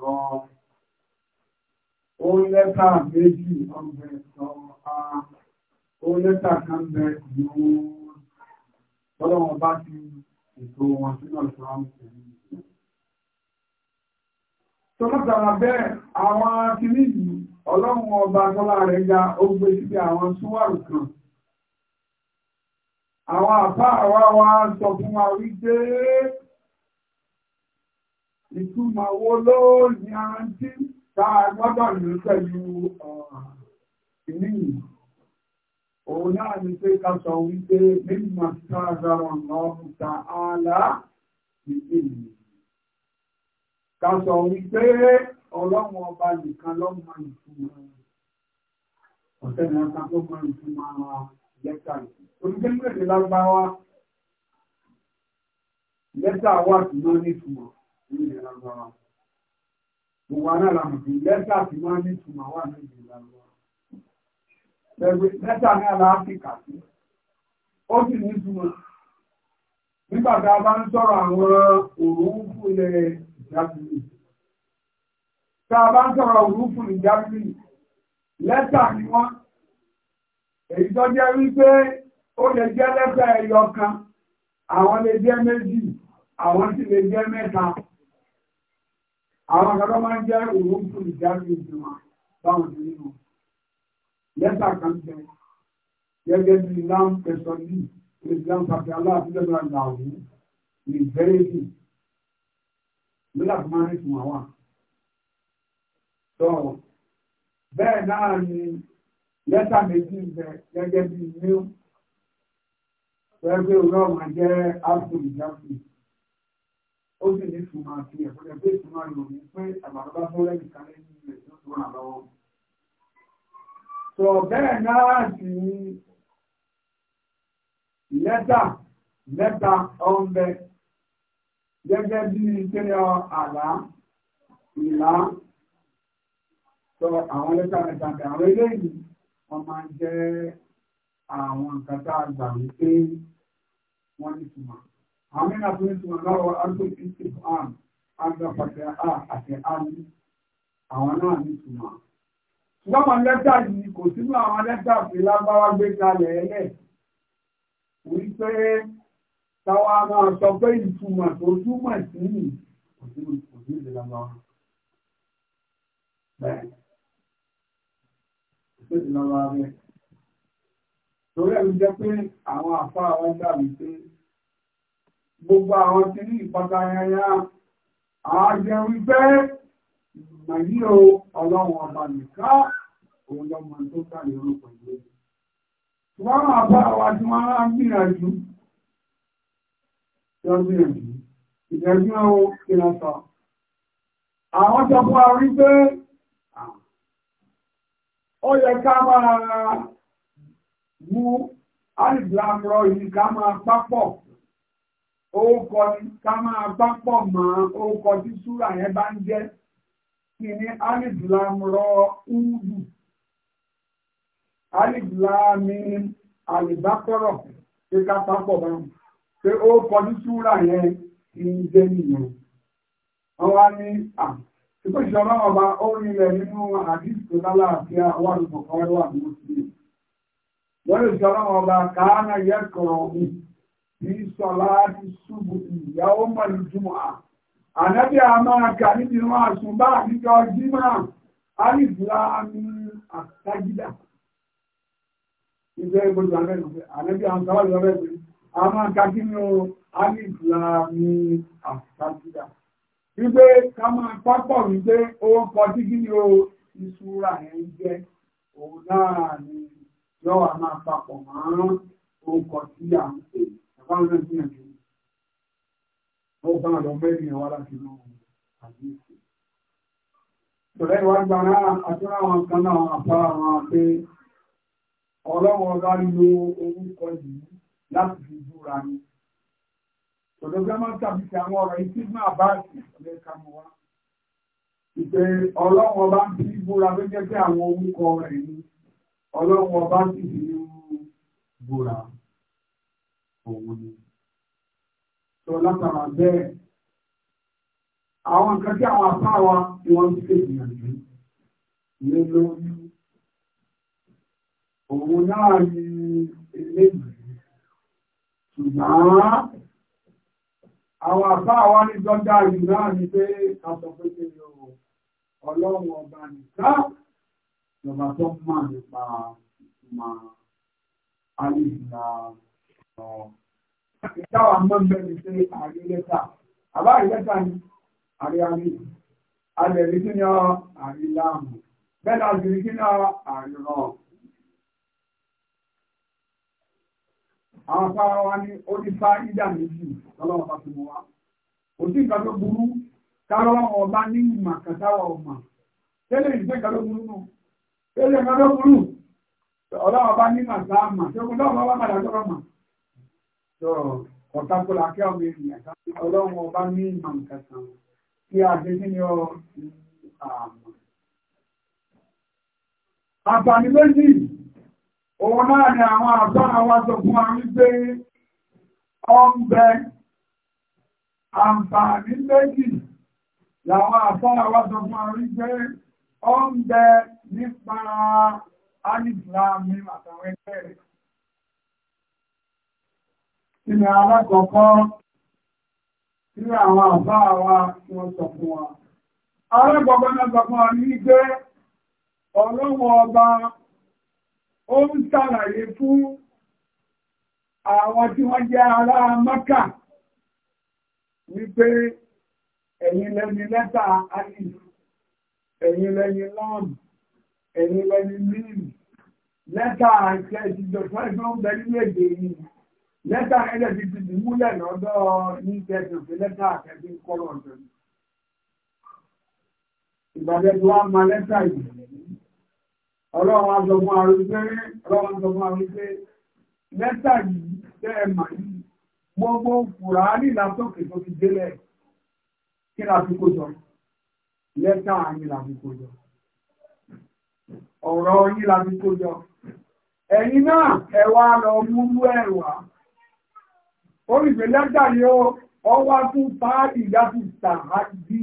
rọ ó lẹ́tà méjì ọ̀gẹ̀ sọ a ó lẹ́tà kan bẹ ìlú ọlọ́wọ́n bá ti ètò wọn sínú ìṣòro àmì tó mọ́tàrà bẹ́ẹ̀ àwọn akíní yìí ọlọ́run ọba tọ́lá rẹ̀ ga ó gbé sí àwọn súwárù kan àwọn àpá àwa wa sọ fún wa wípé ìtumọ̀ wo ló ní àǹtí tá gbọ́dọ̀ ní pẹ̀lú ìní òun náà ni pé ká sọ wípé mímọ̀ sáà dára ọ̀nà ọ̀hún ta ààlà ìdí ká sọ wípé ọlọ́run ọba nìkan ló mọ ìtumọ̀ ọ̀sẹ̀ ní ọ̀sán tó mọ ìtumọ̀ lẹ́tà yìí onígbẹ́gbẹ́gbẹ́ lágbáwá lẹ́tà wà tí wọ́n ní ìtumọ̀ nílẹ̀ lágbáwá gbogbo aláàlámù tí lẹ́tà tí wọ́n ní ìtumọ̀ wà nílẹ̀ lágbáwá lẹ́tà ní aláàfíkà sí ó sì ní ìtumọ̀ nígbà tá a bá ń sọ̀rọ̀ àwọn òrùn fún ilẹ̀ jábìlì tá a bá ń sọ̀rọ̀ òrùfù ní jábìlì lẹ́tà ni wọ́n èyí tó jẹ́ wípé ó lè jẹ́ lẹ́tà ẹyọ kan àwọn lè jẹ́ méjì àwọn sì lè jẹ́ mẹ́ta àwọn akọ́kọ́ máa ń jẹ́ òrùfù ní jábìlì tí wọ́n báwọn ti nínú lẹ́tà kan jẹ́ gẹ́gẹ́ bí láǹpẹ̀sọ̀ ní ìlànà pàtàkì aláàfin lẹ́nu àgbà òun ní nígbà tó máa ń fún wa wà. bẹ́ẹ̀ náà ni lẹ́tà méjì ń gẹ́gẹ́ bí new pẹ̀lú òwúrọ̀ máa jẹ́ apple jáfì ó sì ní ìtumọ̀ àti ẹ̀kọ́jẹ́ pé ìtumọ̀ rẹ̀ ò ní pé àgbàdo bá tó lẹ́yìn kan lẹ́yìn rẹ̀ tó tó ràn lọ́wọ́. sọ bẹ́ẹ̀ náà sì ni lẹ́tà lẹ́tà ọ̀nbẹ gẹ́gẹ́ bí kíni àlá ìlà sọ àwọn lẹ́tà ìtàkì àwọn eléyìí wọ́n máa ń jẹ́ àwọn nǹkan tá a gbà wípé wọ́n ní tùmọ̀. àwọn mìíràn tó ní tùmọ̀ lọ́wọ́ arúgbó ìsìnkú àn agbáfàṣẹ à àti àmì àwọn náà ní tùmọ̀. ṣùgbọ́n àwọn lẹ́tà yìí kò sínú àwọn lẹ́tà tí lágbára gbé kalẹ̀ ẹlẹ́ wípé táwa máa sọ pé ìtumọ̀ tó túmọ̀ sí ní òsínú ìdílé lọ́wọ́ bẹ́ẹ̀ òsínú lọ́wọ́ bẹ́ẹ̀ torí ẹ̀rù jẹ́ pé àwọn àfa àwọn dàbí pé gbogbo àwọn tí ní ìpàdà ayáyá ààjẹ wípé màyí o ọlọ́run ọba nìkan òun lọ́mọ tó kàlẹ́ orúkọ ìwé. ṣùgbọ́n àwọn àfa àwọn tí wọ́n á gbìyànjú lọ́gbìyànjú ìgbẹ̀gbẹ̀ o ìlàsọ̀ àwọn sọ fún àrí pé ó yẹ ká máa mú alìsìlámọ́ yìí ká máa pápọ̀ orúkọ ká máa pápọ̀ mọ́ orúkọ tí súrà yẹn bá ń jẹ́ kí ní alìsìlámọ́ údù alìsìlámi alìbákọ́rọ̀ kíká pápọ̀ báyìí pé ó kọjú súra yẹn kí ń jẹ́ nìyẹn. Wọ́n wá ní à ọba ó rinlẹ̀ nínú àdìsí lálàáfíà wà ní kọ̀kọ́rọ́ wà ní mùsùlùmí. Wọ́n ìṣọ̀rọ̀ ọba kàánà yẹ mi sọ láti ṣubú ìyàwó mọ̀lú jùmọ̀ à. Ànábì a máa níbi wọn àṣùbá àníjọ jímọ̀ àlìfúláàmì Ìgbẹ́ àlẹ́ ànábì a ń a máa ka kí ni o alìsílá ní àfàkìdá wípé ká máa pápọ̀ wípé orúkọ tí kí ni o ìṣúra ẹ̀ ń jẹ́ òun náà ni yóò wá máa papọ̀ mọ́ orúkọ tí à ń pè ẹ̀fọ́ náà sí ẹ̀jẹ̀ ó bá lọ mẹ́rin wá láti lọ àdéhùn. Ìṣòlẹ́ ìwádìí àná àtúrà àwọn kan náà àpá àwọn àpé ọlọ́wọ́ bá lo orúkọ yìí láti fi búra ni. Tòdógbámá tàbí ti àwọn ọ̀rọ̀ yìí sígbà bá sì ọ̀lẹ́ ká mọ wá. Ìpè ọlọ́run ọba ń fi búra tó jẹ́ pé àwọn orúkọ rẹ̀ ni ọlọ́run ọba sì fi búra òun ni. Sọ látara bẹ́ẹ̀ àwọn nǹkan tí àwọn apá wa ni wọ́n ń ṣe ìgbìyànjú lé lórí. Òun náà ni eléyìí ṣùgbọ́n àwọn àbá àwọn nígbọ́dá yìí náà ni pé ká sọ pé kí ni ọlọ́run ọba nìkan ìjọba tó mọ̀ nípa ìtumọ̀ alìsìlá ọ̀. ìtawà mọ́ bẹ́ẹ̀ ṣe àrí lẹ́tà àbá àrí lẹ́tà ni àrí àrí alẹ̀ rí kí ni ọ àrí láàmù bẹ́ẹ̀ náà sì rí kí ni ọ àrí rọ̀. àwọn afárá wa ní ó ní fá ìdá méjì lọ́lọ́wọ́ bá fi mọ́ wa kò sí nǹkan tó burú káwọn ọba ní ìmọ̀ kàtàwọ̀ ọmọ tẹ́lẹ̀ ìfẹ́ nǹkan tó burú nù tẹ́lẹ̀ nǹkan tó burú ọlọ́wọ́ bá ní màtá mà ṣẹ́gun lọ́wọ́ tó ọ̀tàkùlà ọlọ́wọ́ bá ní ìmọ̀ kàtàwọ̀ Òun náà ni àwọn àbá àwọn fún wa ọmọbẹ àǹfààní méjì làwọn àbá àwọn sọ fún wa ọmọbẹ nípa alìsìláàmì àtàwọn ẹgbẹ́ rẹ̀. Ìrìn alákọ̀ọ́kọ́ tí àwọn àbá wa. Alákọ̀ọ́kọ́ náà sọ fún ó ń ṣàlàyé fún àwọn tí wọ́n jẹ́ ará Mẹ́kà wípé ẹ̀yin lẹni lẹ́tà alif ẹ̀yin lẹni lọ́n ẹ̀yin lẹni mím lẹ́tà àṣẹ ìdìjọ fẹ́ẹ́fẹ́ ń bẹ nínú èdè yìí lẹ́tà ẹ̀jẹ̀ ti ti dì múlẹ̀ lọ́dọ̀ ní kẹsàn-án pé lẹ́tà àkẹ́kẹ́ ń kọ́ lọ́dọ̀ ìgbàdẹ́gbẹ́ wa máa lẹ́tà ọlọ́run azọ̀gbọ́n arúgbẹ́rẹ́ ọlọ́run azọ̀gbọ́n arúgbẹ́ lẹ́tà yìí tẹ́ ẹ mà yìí gbogbo fùràálì látọ̀kẹ́ tó ti délẹ̀ kí la fi kó jọ lẹ́tà yìí la fi kó jọ ọ̀rọ̀ yìí la fi kó jọ ẹ̀yin náà ẹ wá lọ múlú ẹ̀ wá oríṣi lẹ́tà yìí ó ọwá tún fáàlì yàtú sàhádì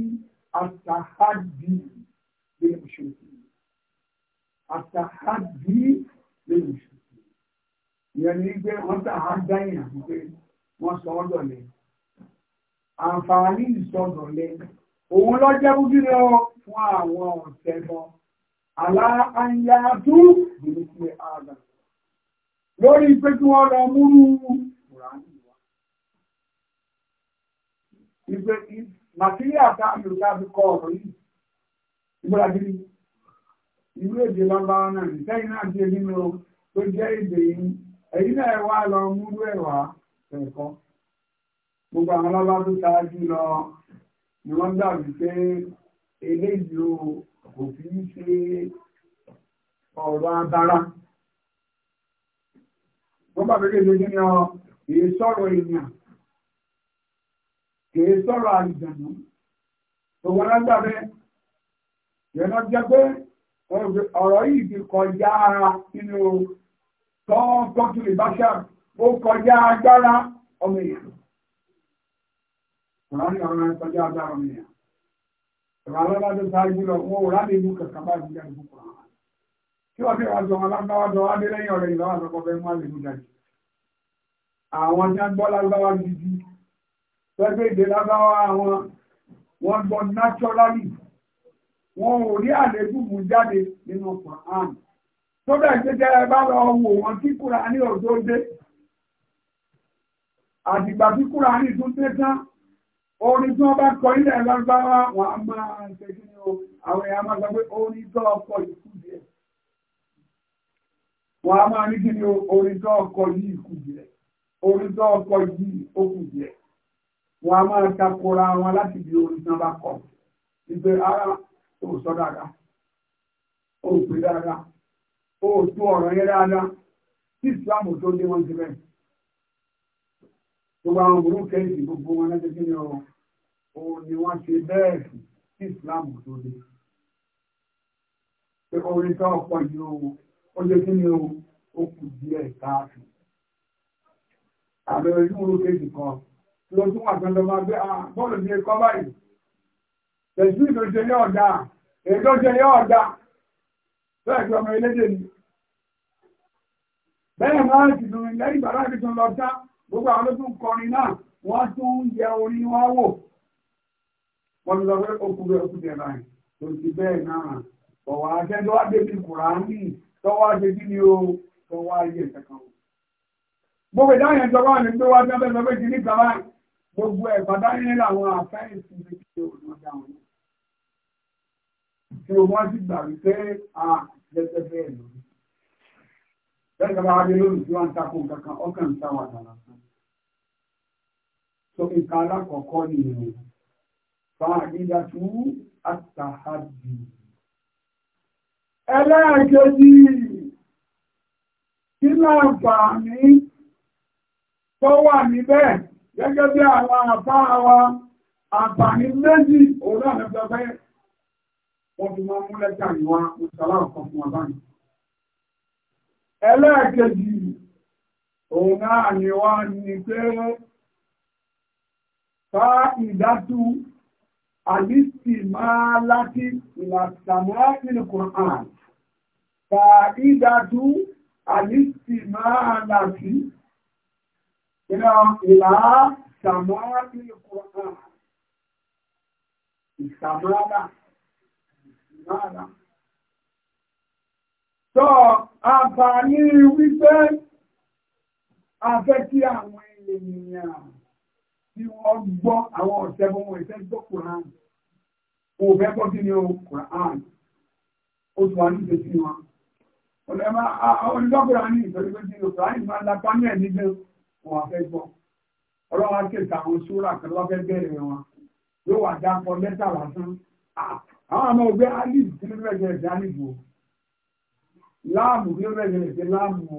àtàkàdí lẹ́yìn ìṣòro ìyẹn ní pé wọ́n tà á dáyìn àti pé wọ́n sọ ọ́ dọ̀lẹ́ àǹfààní ìsọdọ̀lẹ́ òun lọ jẹ́ búgírí ọ fún àwọn ọ̀sẹ̀ lọ aláàyàdú ìrìnkú ààrẹ lórí pé kí wọ́n lọ múrú ìgbé màtíríà tá àmì òkú àbíkọ ọ̀rọ̀ yìí ìgbéra gírí ìlú èdè lábáwá náà ní sẹ́yìn náà jẹ́ nínú tó jẹ́ èdè yìí èyí náà wá lọ múlú ẹ̀wà ẹ̀kọ́ gbogbo àwọn lọ́lá tó ṣáájú lọ ni wọ́n gbà wípé eléyìí o kò fi ń ṣe ọ̀rọ̀ abara wọ́n bá bẹ́ẹ̀ lè ní ọ kìí sọ̀rọ̀ èèyàn kìí sọ̀rọ̀ àlùjànnú gbogbo alágbàbẹ́ ìrẹ́nà jẹ́ pé ọ̀rọ̀ yìí ti kọjá ara nínú tọ́ọ̀tọ́tù ìbáṣà ó kọjá agbára ọmọ èèyàn ọ̀rọ̀ ní ọ̀rọ̀ kọjá agbára ọmọ èèyàn ọ̀rọ̀ alábàjọ sáájú lọ wọn ò rábẹ̀ ìlú kankan bá ìlú jáde púpọ̀ kí wọ́n fi wá jọ wọn lágbáwá jọ wá dé lẹ́yìn ọ̀rẹ́ ìlọ́wọ́ àtọkọ fẹ́ mú àlejò jáde àwọn tí wọ́n gbọ́ lágbáwá gidi pẹ́pẹ́ ìdè lágbáwá wọn wọ́n gbọ́ naturally wọn ò rí àlébù mú jáde nínú Quran tó bẹ́ẹ̀ tó jẹ́ bá lọ wò wọn kí Kúránì ọ̀dọ́ dé àdìgbà tí Kúránì tún dé tán orin tí wọ́n bá kọ ilẹ̀ lágbára wọn a máa ń tẹ́jú ní àwọn èèyàn máa gbàgbé orin tó ọkọ̀ ìkú díẹ̀ wọn a máa ní kí ni orin tó ọkọ̀ yìí ìkú díẹ̀ orin tó ọkọ̀ yìí ó kù díẹ̀ wọn a máa takora wọn láti di orin tí wọ́n bá kọ ìgbé ara o sọ dáadáa o pè dáadáa o tó ọrọ yẹn dáadáa tí ìsìlámù tó wọn ti bẹ́ẹ̀. gbogbo àwọn gbogbo wọn láti islam ni ọ̀rọ̀ o yi wọ́n ṣe bẹ́ẹ̀ sí tí ìsìlámù tó dé. o ó jẹ́ kí o ó kù Èsì ìdòjè ní ọ̀dá, èdòjè ní ọ̀dá, bẹ́ẹ̀ ọmọ elédè ọmụ Bẹ́ẹ̀ máa ń tìlú lẹ́yìn bàbá ìbí tó lọ gbogbo àwọn olókùn kọrin náà, wọ́n tún yẹ orí wọn wò. Wọ́n lọ pé okùnrin okùnrin báyìí, tó ti bẹ́ẹ̀ náà, wá débi Kùránì, tọ́wọ́ ni ó, tọ́wọ́ ayé pé bẹ́ẹ̀ sọ pé tí wọ́n sì gbà wípé àjẹsẹ̀ bẹ́ẹ̀ lórí. Bẹ́ẹ̀ kí a bá wá dé lónìí tí wọ́n ń takò kankan, ọkàn ń sáwà dára fún. So nǹkan alákọ̀ọ́kọ́ nìyẹn. Fàdídà tú àtàhàdì. Ẹlẹ́ẹ̀kejì kí láǹfààní tó wà níbẹ̀ gẹ́gẹ́ bí àwọn àbá wa àǹfààní méjì òun náà lọ́gbẹ́ wọ́n fi wọ́n múlẹ̀ tàbí wọn mùsàlá ọ̀kan fún wọn báyìí. ẹlẹ́ẹ̀kejì òun náà ni wá ní pé fa ìdátú àlìsì máa láti ìlàsàmọ́ nínú Qur'an fa ìdátú àlìsì máa láti ìlàsàmọ́ nínú Qur'an ìsàmọ́ láti rárá. Sọ àbàní wípé afẹ́ kí àwọn ènìyàn tí wọ́n gbọ́ àwọn ọ̀sẹ̀ bó wọn ìfẹ́ gbọ́ Quran. Kò fẹ́ gbọ́ kí ni o Quran. Ó tún wá ní ìdẹ́sí wọn. Ọ̀lẹ́mà àwọn onígbàgbọ́ra ní ìfẹ́lẹ́ pé kí ni o Quran máa lápá ní ẹ̀ nígbẹ́ wọn afẹ́ gbọ́. Ọlọ́run á kéka àwọn sóra kan lọ́fẹ́ bẹ̀rẹ̀ wọn. Yóò wà dápọ̀ lẹ́tà lásán. Ah, àwọn àmọ́ ọgbẹ́ alif kí ló fẹ́ jẹ́ ṣe alif o láàmù kí ló fẹ́ láàmù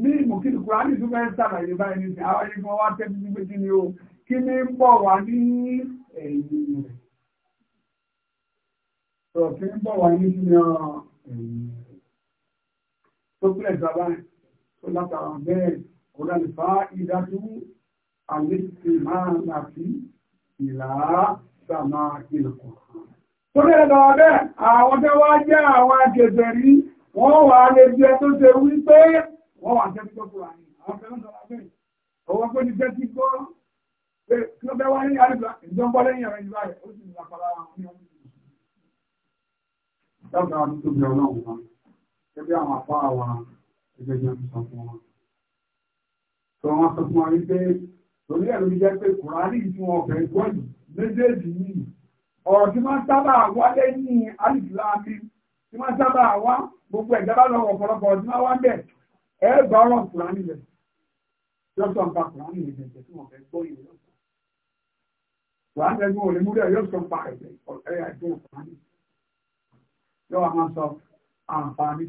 ní ìmọ̀ kí alif tó fẹ́ sàlàyé báyìí ní ṣe àwọn ẹni wá tẹ́tí ní pé kí ni o kí ni ń bọ̀ wá ní ẹ̀yìn rẹ̀ sọ kí ni ń bọ̀ wá ní kí ni ẹ̀yìn rẹ̀ tó kílẹ̀ sábà tó bẹ́ẹ̀ lọ bẹ́ẹ̀ àwọn tó wá jẹ́ àwọn agbègbè rí wọ́n wà lè jẹ́ tó ṣe wí pé wọ́n wà jẹ́ tó kúrò àyè àwọn fẹ́ràn sọ wá bẹ́ẹ̀ ọwọ́ pé ní jẹ́ torí ẹ̀rọ jẹ́ pé Kùránì tí wọn fẹ́ méjèèjì yìí, ọ̀rọ̀ tí máa sábà wá lẹ́yìn alìsìláàmì tí máa sábà wá gbogbo ẹ̀jábá lọ ọ̀pọ̀lọpọ̀ tí máa wá bẹ̀ ẹ̀ bá ọ̀rọ̀ kùránì rẹ̀ yọ̀sọ̀ nípa kùránì rẹ̀ jẹ̀jẹ̀ tí wọ́n fẹ́ gbọ́ ìwé sọ àǹfààní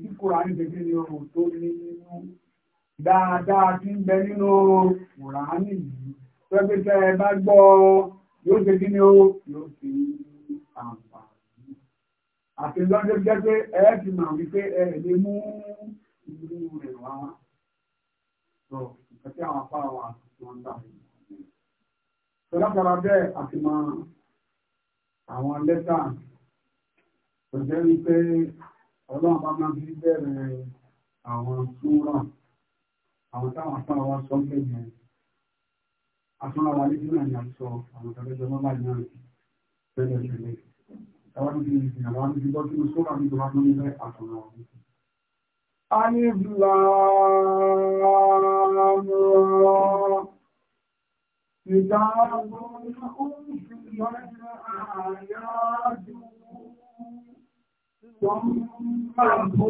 yóò ṣe kí ni ó yóò fi àǹfààní. Àti lọ́jọ́ jẹ́ pé ẹ ti mọ̀ wípé ẹ lè mú irú rẹ̀ wá. Sọ nǹkan tí àwọn afá wa ti wọ́n dà yìí. Sọ látara bẹ́ẹ̀ àti mọ àwọn lẹ́tà kò jẹ́ wípé ọlọ́run bá máa fi bẹ̀rẹ̀ àwọn súnrọ̀ àwọn táwọn afá wa sọ ń bẹ̀rẹ̀ àtúnra wa ní jùlọ ní àṣọ àwọn ìtàlẹ́jọ mọ́lá ìyá rẹ̀ tẹ́lẹ̀ tẹ́lẹ̀ ẹwọ́n ti di àwọn ibi lọ sínú sóra ní ìjọba tó ní fẹ́ àtúnra wa ní. a ní bùlọ́ọ̀rọ̀ كتاب أنزل آياته ثم فصلت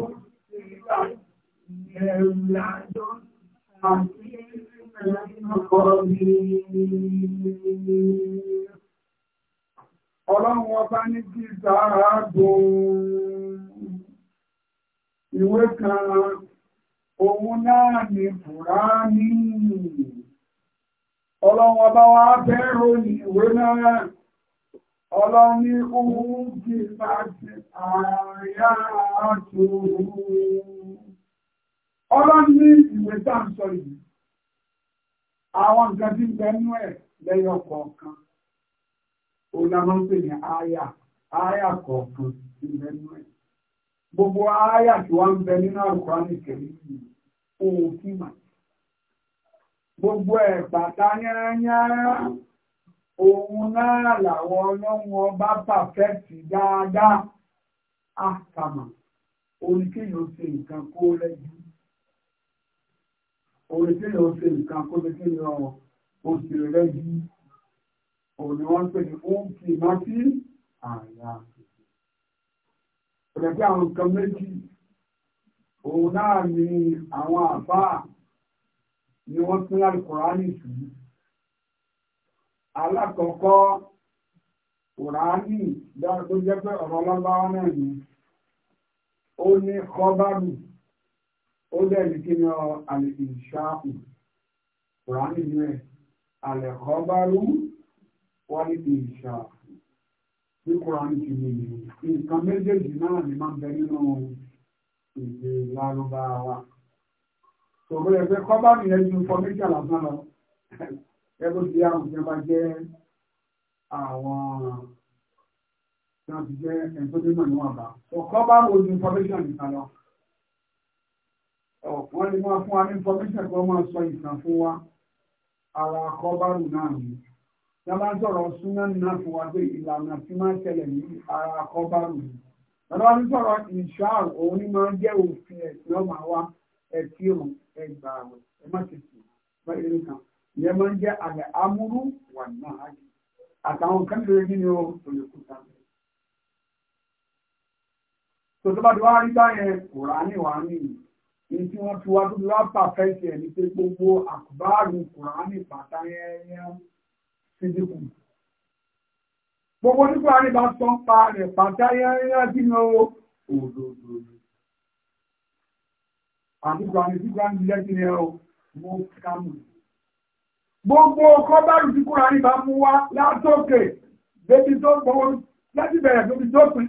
من Ọlọ́run ọba ní kí sàárà dùn ìwé kan òun náà ni Fùrání. Ọlọ́run ọba wa bẹ́rò ní ìwé náà. Ọlọ́run ní ohun kí láti àáyá àtòrò. Ọlọ́run ní ìwé tàǹsọ yìí àwọn nǹkan tí ń bẹ nú ẹ̀ lẹ́yọ kọ̀ọ̀kan òun la máa ń pè ní àyà àyà kọ̀ọ̀kan tí ń bẹ nú ẹ̀ gbogbo àyà tí wọ́n ń bẹ nínú Al-Kùránì kẹ̀lé yìí òun kì mà gbogbo ẹ̀ pàtà yányányá òun náà làwọn ọlọ́run ọba pàfẹ́tì dáadáa àkàmà oníkéèyàn ṣe nǹkan kó lẹ́yìn orí tí yóò ṣe nǹkan kó ti kí yọ oṣù rẹ̀ yí òun ni wọ́n ń pè ní oúnjẹ mọ́tí àyà rẹ̀ bí àwọn nǹkan méjì òun náà ni àwọn àbáà ni wọ́n tún láti kọ̀ránì sí alákọ̀ọ́kọ́ kọ̀ránì dára tó jẹ́ pé ọ̀rọ̀ ọlọ́lọ́wọ́ náà ni ó ní kọ́bárù ó dẹ̀bi kí ni àlè ìṣáàpù kùránì ní ẹ̀ àlè ọ̀bárú wálé ìṣáàpù ní kùránì ti ní ìlú nǹkan méjèèjì náà ni máa ń bẹ nínú ìgbé lárúbáwá tòbó yẹ pé kọ́bá mi yẹn ju fọmíṣà lásán lọ ẹgbẹ́ ti yá òun tí wọ́n bá jẹ́ àwọn tí wọ́n ti jẹ́ ẹ̀ńtọ́dúnmọ̀ níwọ̀nba kọ́bá mo ju fọmíṣà nìkan lọ. wọ́n lè máa fún wa ní ọ kan máa sọ ìtàn fún wa ara akọ́bárù náà ni yàrá sọ̀rọ̀ súná náà fún wa pé ìlànà tí máa ara akọ́bárù ni sọ̀rọ̀ ìṣáàrù òun ni máa jẹ́ òfin ẹ̀sìn ọmọ wa ẹ̀kí òun ẹgbà rẹ̀ ẹ má ti sùn ìyẹn máa ń jẹ́ amúrú wà náà àtàwọn ni ó èyí tí wọ́n fi wá tó wá pàfẹ́tì ẹ̀ ní pé gbogbo àkùbáàrù kùránì pàtà yẹn sídìkù. gbogbo nípa àríbá sọ ń pa rẹ̀ pàtà yẹn bí ní owó òdòdó. àbúkọ àmì tí kúránì ti lẹ́sìn yẹn o mo kàmù. gbogbo kọ́bárù tí kúránì bá mú wá látòkè débi tó gbọ́wọ́ láti bẹ̀rẹ̀ débi tó pin.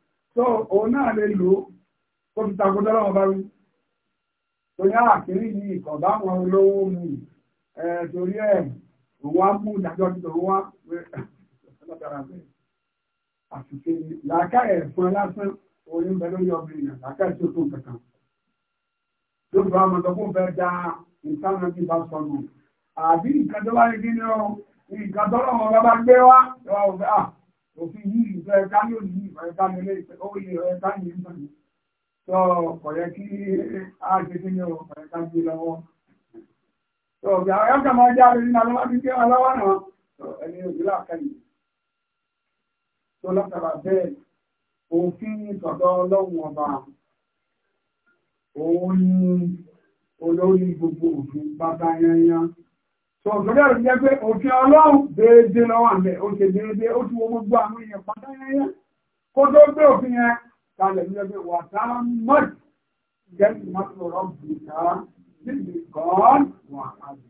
so òun náà lè lò ó fi takọ́jọ́ láwọn bá rú tó ní àkíní ah, yìí kọ̀ bá wọn olówó mu ẹ̀ torí ẹ̀ òun á mú ìdájọ́ ti tòun wá pé ọlọ́kàrà bẹ́ẹ̀ àṣìṣe làákà ẹ̀ fún ẹ lásán orí ń bẹ lórí ọbìnrin náà làákà ẹ̀ tó tó kankan yóò bá ọmọ tó kó fẹ́ da nǹkan náà ti bá sọnù àbí nǹkan tó bá yẹ kí nǹkan tó lọ́wọ́ bá gbé wá lọ́wọ́ bẹ́ẹ̀ òfin yìí ìfẹ́ ẹ̀ká lónìí ìfẹ́ ẹ̀ká lónìí ìfẹ́ ó lè rẹ̀ ẹ̀ká yìí nígbà tó kọ̀yẹ́ kí á ṣe kí ní ọ̀pọ̀ ẹ̀ká lọ́wọ́. tó ọ̀gá ọ̀yá kan máa jáde nínú alọ́wọ́ bí kí ọlọ́wọ́ náà tó ẹni òbí làkàyè. tó lọ́kàrà bẹ́ẹ̀ òfin tọ̀dọ̀ ọlọ́run ọba òun ni olórí gbogbo òfin bàbá yányán So lórí ọ̀rọ̀ jẹ́ pé òfin ọlọ́run déédé lọ́wọ́ àmì ó ṣe déédé ó ti wo gbogbo àwọn èèyàn pátá yẹn kó tó gbé òfin yẹn kalẹ̀ ní ẹgbẹ́ wà tá a mọ̀ jẹ́ ìmọ̀tò rọ́ọ̀bù ká níbi kan wà á lè.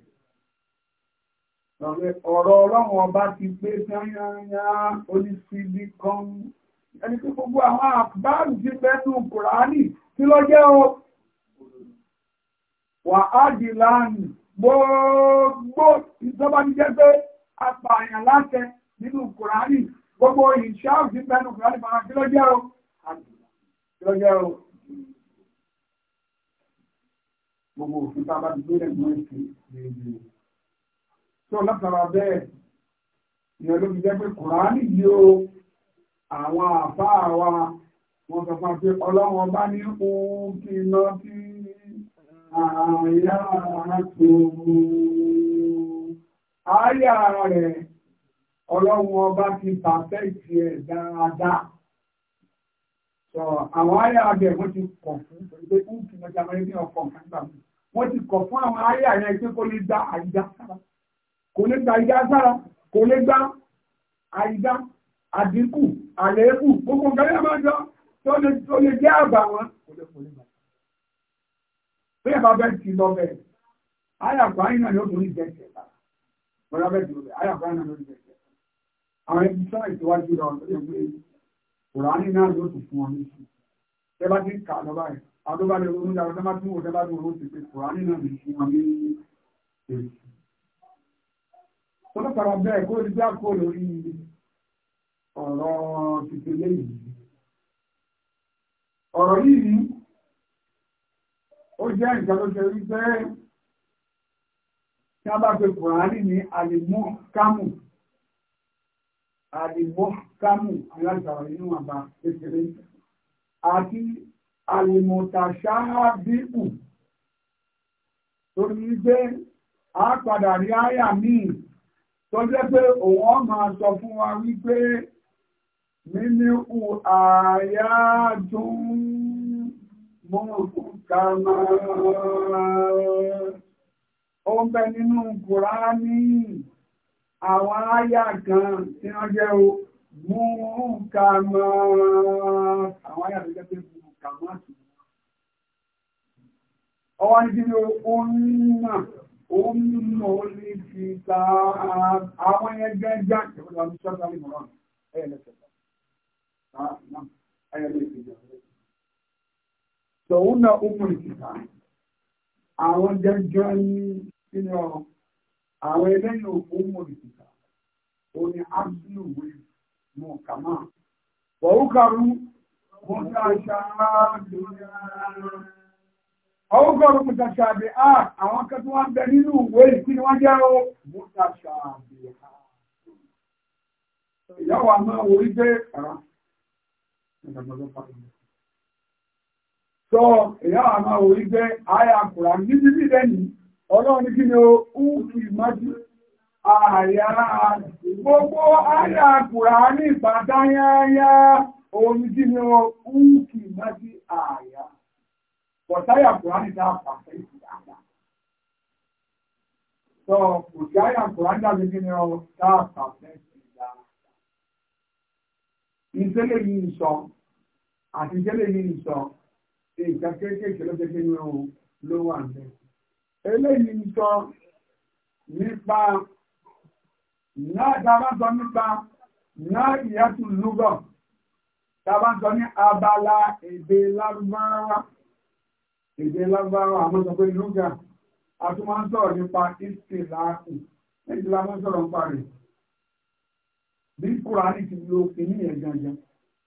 Sọ̀rọ̀ ọ̀rọ̀ ọlọ́run ọba ti pé sáyáyá oníṣìbí kan. Ẹni pé gbogbo àwọn àbáàrù ti bẹ́nu Kùránì kí ló jẹ́ o? Wà á di láàánú gbogbo ìjọba ní jẹ́ pé apààyàn láṣẹ nínú kùránì gbogbo ìṣá òsì mẹ́nu kùránì máa kí ló jẹ́ o kí ló jẹ́ o gbogbo òfin tá a bá ti gbé lẹ́nu ẹ̀sìn lèèrè tó látara bẹ́ẹ̀ àwọn àfáà wa wọ́n sọ fún wa pé ọlọ́run ní òun kì tí Àáyà rẹ̀ ọlọ́run ọba ti pàfẹ́ẹ̀tì ẹ̀ dáadáa. Sọ àwọn àáyà abẹ̀ wọ́n ti kọ̀ fún pé kí n kì mọ́ jàmọ́ ní ọkọ̀ nǹkan gbà mí. Wọ́n ti kọ̀ fún àwọn àáyà yẹn pé kò lè gba àìdá sára. Kò lè gba àìdá sára. Kò lè gba àìdá àdínkù àléébù. Gbogbo nǹkan yẹn bí ẹ bá bẹ́ẹ̀ ti lọ bẹ́ẹ̀ ayàgbá iná yóò tó ní jẹ́jẹ́ bá bọ́lá bẹ́ẹ̀ ti lọ bẹ́ẹ̀ ayàgbá iná yóò ní jẹ́jẹ́ bá àwọn ẹbí sọ ìtìwájú lọ lórí ìwé kùránì náà yóò tó fún ọ ní sùn tẹ bá ti kà lọ báyìí àwọn tó bá lè ronú dára tẹ bá tún wò tẹ bá tún ronú ti pé kùránì náà lè fún ọ ní èsì. tó lọ́kàrà bẹ́ẹ̀ ọ̀rọ̀ tuntun lẹ́yìn ọ̀rọ̀ yìí ó jẹ́ nǹkan tó ṣe wípé tí a bá pe kùránì ní àlìmọ́ kámù àlìmọ́ kámù aláìsàrọ̀ nínú àbá kékeré àti àlìmọ̀tàṣáhábíkù tó ní pé a padà rí àyà míì tó jẹ́ pé òun ó sọ fún wa wípé mímú àyà tún mọ́kànlá ó ń bẹ nínú Kùránì àwọn àyà kan tí wọ́n jẹ́ o mọ́kànlá àwọn àyà tó jẹ́ pé mọ́kànlá sí ọwọ́ ní kí ni ó ń nà ó ń nà ó lè fi ta àwọn ẹgbẹ́ tòun náà ó mú ìtìta àwọn jẹjọ ní nínú àwọn eléyìí òkú mú ìtìta ó ní ábílù wí mú kàmá wọ́n kàrú wọ́n ká ṣáájú àwọn kọ̀ọ̀rù mùtàṣàbí á àwọn kan tó wá ń bẹ nínú ìwé ìpín ni wọ́n jẹ́ ó mùtàṣàbí ah. ah. á ìyáwó àmọ́ orí dé ara ìdàgbàsókè sọ èyàn àmà orí jẹ́ àyà kùrà níbi bí lẹ́yìn ọlọ́run kí ni ó àyà gbogbo àyà ní ìpàdáyáyá òun kí ni ó kú ìmọ́jú àyà pọ̀táyà ní ìdá pàṣẹ ìdá tó kò sí àyà ní àbí kí ni ó dá pàṣẹ yìí sọ àti yìí sọ. nǹkan kéékèèké ló kékeré ní ohun ló wà ní. eléyìí ń sọ nípa náà dábà sọ nípa náà ìyàtú lúgọ̀ dábà sọ ní abala èdè lárúbáwá èdè lárúbáwá àmọ́ sọ pé lúgà a tún máa ń sọ̀rọ̀ nípa ìsìláàkù méjìlá máa ń sọ̀rọ̀ nípa rẹ̀ bí kúránì ti lo kìíní yẹn gangan.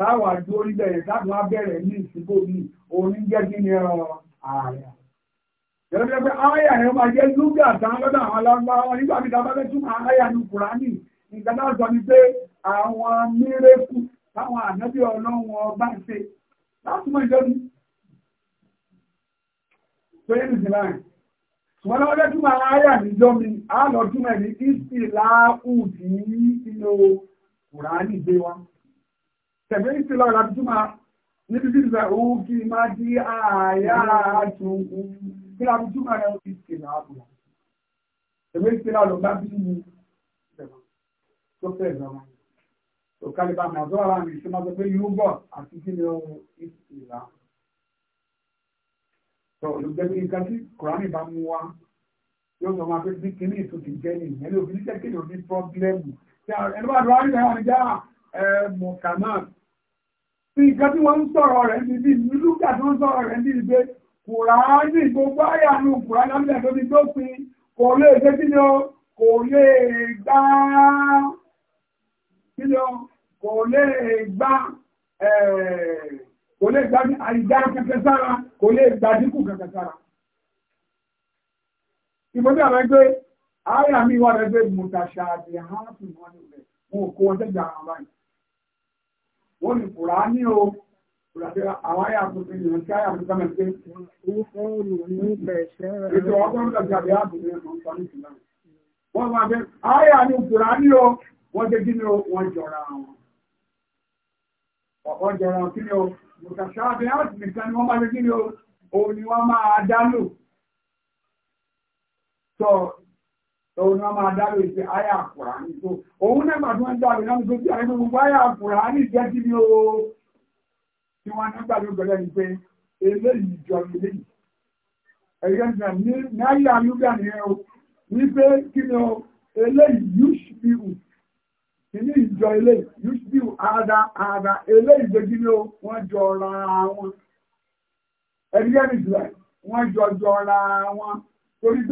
táwọn àjò orílẹ̀ yẹn táwọn abẹ́rẹ́ ní ìsìnkú mi òun ń jẹ́ kí ni ààrẹ. Gẹ́gẹ́ pé ààyà yẹn máa jẹ́ lúgà tán lọ́dọ̀ àwọn alágbára wọn nígbà tí a bá fẹ́ tún ààyà ní Kùránì. Ìgbà náà sọ ni pé àwọn mírèkù táwọn ànábì ọlọ́run ọba ṣe láti mọ ìjọ́ni. Péyé nìsín láàrin. Ṣùgbọ́n lọ́wọ́ fẹ́ tún ààyà níjọ́ mi, a lọ túmọ̀ ní Ìsìláàkù tí ìlò Kùránì gbé wa tẹ̀mẹ́ ìsìlá ọ̀la tó máa níbi tí ìsìlá òun kì í máa di àyà àtúnkù kí láti tó máa rẹ̀ ó ti sìlá àbùrà tẹ̀mẹ́ ìsìlá ọ̀la bá bí mu tó fẹ́ ìjọba tó kálíbà máa zọ́ ara mi tó máa sọ pé yóò bọ̀ àti kí ni ó ìsìlá tó olùgbẹ́bí nǹkan tí kùránì bá mú wá yóò sọ máa pé jẹ́ nìyẹn ẹni òfin ní pọ́blẹ́mù ẹni bá dùn á rí ẹ̀wọ̀n ní já ẹ̀ẹ́mù nǹkan tí wọ́n ń sọ̀rọ̀ rẹ̀ ní bí lúkà tó ń sọ̀rọ̀ rẹ̀ ní ìgbé kùránì gbogbo àyànú kùránì lábílẹ̀ tó ti tó pin kò lè ṣe kí ni ó kò lè gbá kí ni ó kò lè gbá eh, kò lè gbá àìdá kẹkẹ sára kò lè gbá dínkù kẹkẹ sára. ìmọ̀tí àwọn ẹgbẹ́ àyà mi wà rẹ̀ pé mùtàṣà àti àhánàfin wọn ni wọn kó wọn tẹ́jà àwọn báyìí wọ́n ní kùrá ní o àwọn ayé àtúntò yìí tí ayé àtúntò mẹ́rin pé ètò ọgbọ́n tàbí àbí àbùkù ní ọ̀sán ní ìsìlámù wọ́n máa bẹ ayé àní kùrá ní o wọ́n jẹ́ gíní o wọ́n jọra wọn ọ̀pọ̀ jọra kí ni o mùsàṣá abẹ́ àti nìkan ni wọ́n máa bẹ gíní o òun ni wọ́n máa dá lò òun náà máa dáre ìpé àyà Kùránì tó òun náà máa tún ń dáre náà tó tí àyè gbogbo àyà Kùránì jẹ́ kí ni o tí wọ́n ní gbàgbé gbẹ̀rẹ̀ ni pé eléyìí jọ eléyìí ẹ̀yẹ́ nígbà ní náírà lúgà ni o wípé kí ni o eléyìí yúṣbíù kìíní ìjọ eléyìí yúṣbíù ààdá ààdá eléyìí jẹ́ kí ni o wọ́n jọ ra wọn ẹ̀yẹ́ nígbà wọ́n jọ jọ ra wọn torí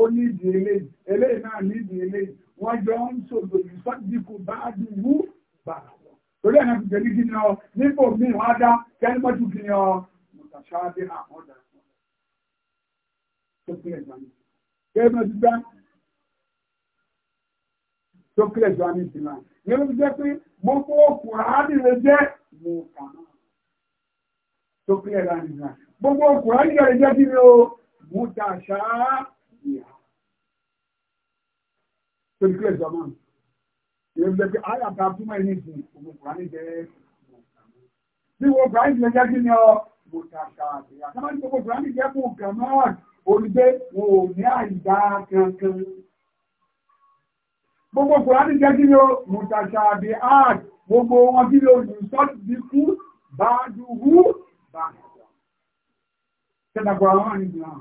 ó nídìí eléyìí eléyìí náà nídìí eléyìí wọ́n jọ ń sòdò ìfọ́díkù bá a dùn wú bà torí ẹ̀nà kìí tẹ̀lé gíní ọ nípò mi wọ́n á dá kẹ́ni mọ́tò gíní ọ mọ̀tàṣáájú àwọn ọ̀dà tó kílẹ̀ gbani kẹ́ni mọ́tò gbá tó kílẹ̀ gbani sí náà yẹ́n ló jẹ́ pé gbogbo Kùránì lè jẹ́ mú kàná tó kílẹ̀ gbani náà gbogbo Kùránì lè jẹ́ gíní ọ mọ̀tàṣáájú. فيها torí pé ìjọba ìyẹn bẹ pé àyà ta túmọ̀ ẹni sí òun kò ní jẹ́ bí wo kò ní jẹ́ jẹ́ kí ni ọ mo ta ta àbíyá sábà ní gbogbo kò ní jẹ́ kó kàn náà olùgbé wọn ò ní àyíká kankan gbogbo kò ní jẹ́ kí ni ọ mo ta ta àbíyá gbogbo wọn kí ni olùsọ́ọ̀tì bí kú bá dùn wú bá dùn. Kẹ́ta kọ́ àwọn àníjì náà.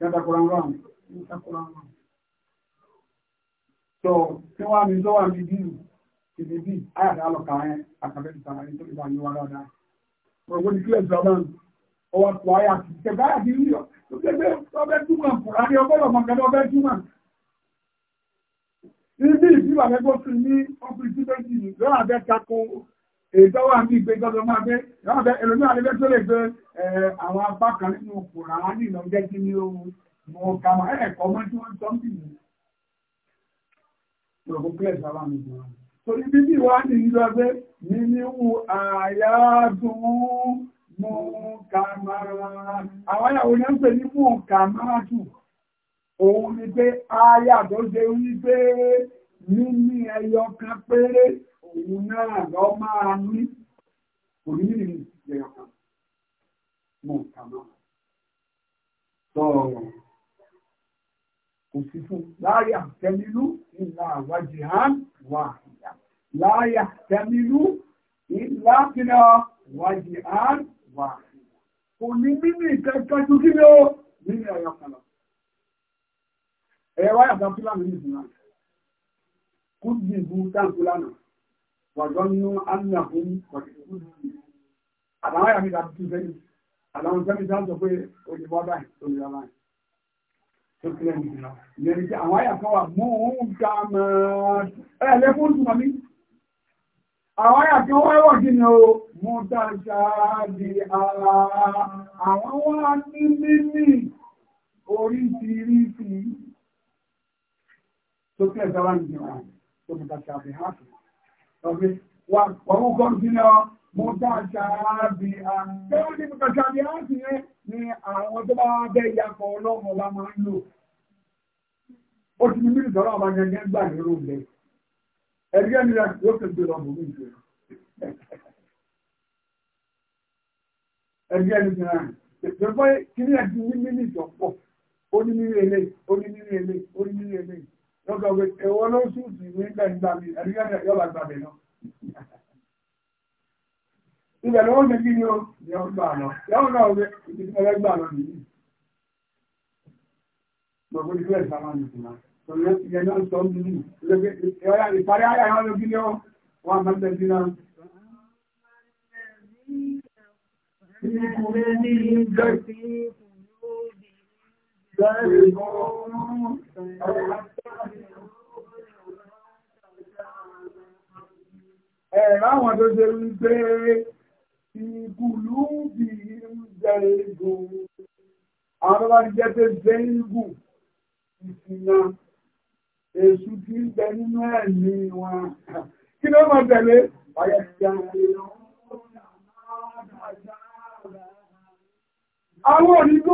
Yàtàkùnrin rọrùn. Yàtàkùnrin rọrùn. So, tí wọ́n mi tó wà ní bílù, ìdí bí àyàtà lọ́kà ẹ̀ àkàbẹ̀ ìsàrà ní tó ìgbà ní wà dáadáa. Ọ̀gbọ́n ní kílẹ̀ Zọ́bán, ó wà tó àyà kì í tẹ̀gbá àti rí ọ̀. Tó tẹ́gbẹ́ ọbẹ̀ túmọ̀ kùrá ní ọgọ́rọ̀ mọ̀gẹ́dọ̀ ọbẹ̀ túmọ̀. Ibi ìbí bàbá ẹgbẹ́ sí ní ọ́fíìsì méjì lọ́wọ́ àbẹ́ tako èdè ní ìgbé máa gbé lọ́dọ̀ ẹlòmí àlebẹ́ tó lè gbé àwọn apá kan nínú kùrà á ní jẹ́ kí ní ohun mọ ká ẹ̀kọ́ mọ́ tí wọ́n tọ́m bì mí. Ìrọ̀kọ́ kílẹ̀ gbọ́n. So ibi bí wàá ní ìlọ gbé mi ní wù àyàdùn mú kàmára òun náà lọ máa ní onímìnì lẹ́yọ̀kan mọ̀ nǹkan náà sọ̀rọ̀ kò sí fún láyà tẹ́mílú ìlà àwájì hàn wà láyà tẹ́mílú ìlà kìlá wájì hàn wà kò ní mímì kankan kí ni ó nínú ẹ̀yọ̀kan lọ. wáyà kan fúlàní nìkan kúndìbù táǹkù lánàá. وظنوا أنهم àtàwọn àmì ìdàbí tún sẹ́yìn àtàwọn sẹ́mi sáà sọ pé òyìnbó báyìí òyìnbó báyìí tó kílẹ̀ ní ìlú ìyẹn ni pé àwọn àyà kan wà mú un ká máa ẹ lẹ fún tùmọ̀ mi àwọn wá wọ̀ kí o mú dáṣà di ara àwọn wá ní mímì oríṣiríṣi tó kílẹ̀ sábà ń tó mú dáṣà di hàpù wọ́n kọ́ sí lọ mọ́tà ṣáàbì àwọn tí mọ́tà ṣáàbì áàtì yẹn ni àwọn tó bá bẹ́ ìyàpọ̀ ọlọ́mọ bá máa ń lò ó ti ní mílíọ̀nù ọ̀rọ̀ ọba gẹ́gẹ́ gbà lérò lẹ̀ ẹ̀rí ẹ̀mí rẹ̀ yóò fi gbé lọ́mọ mi jù ẹ̀rí ẹ̀mí rẹ̀ pẹ̀lú pé kí ni ẹ̀dín ní mílíọ̀nù ọ̀pọ̀ ó ní mílíọ̀nù eléyìí ó ní mílíọ̀nù eléyìí ó ní mílíọ̀nù eléyìí lọ́kọ̀ pé ẹwọ́ ló sùn sí ní gbẹ̀gbàmì ẹ̀rígbẹ̀rẹ̀ yọ́bà gbàmì lọ. Ibẹ̀ lọ́wọ́ ṣe kí ni ó yọ gbà lọ. Yọ́wọ́ náà wọ́n ti fẹ́rẹ́ gbà lọ nìyí. Gbogbo ìlú ẹ̀sà máa ń sùn máa. Tọ́lá ti yẹ náà sọ ń bí ìparí ayé àwọn olókí ni ó wà máa ń tẹ̀ sí náà. Ìkùnrin ní ìjọ Ẹ̀ráwọn tó ṣe ń gbé ìgbùlú bí i ń jẹ egun. Àwọn tó bá ti jẹ́ pé jẹ́ ìgùn ìsìnà èṣù tí ń bẹ nínú ẹ̀mí wọn. Kí ló mọ̀ tẹ̀lé? Ọ̀yẹ́ ti jẹ́ àwọn òní tó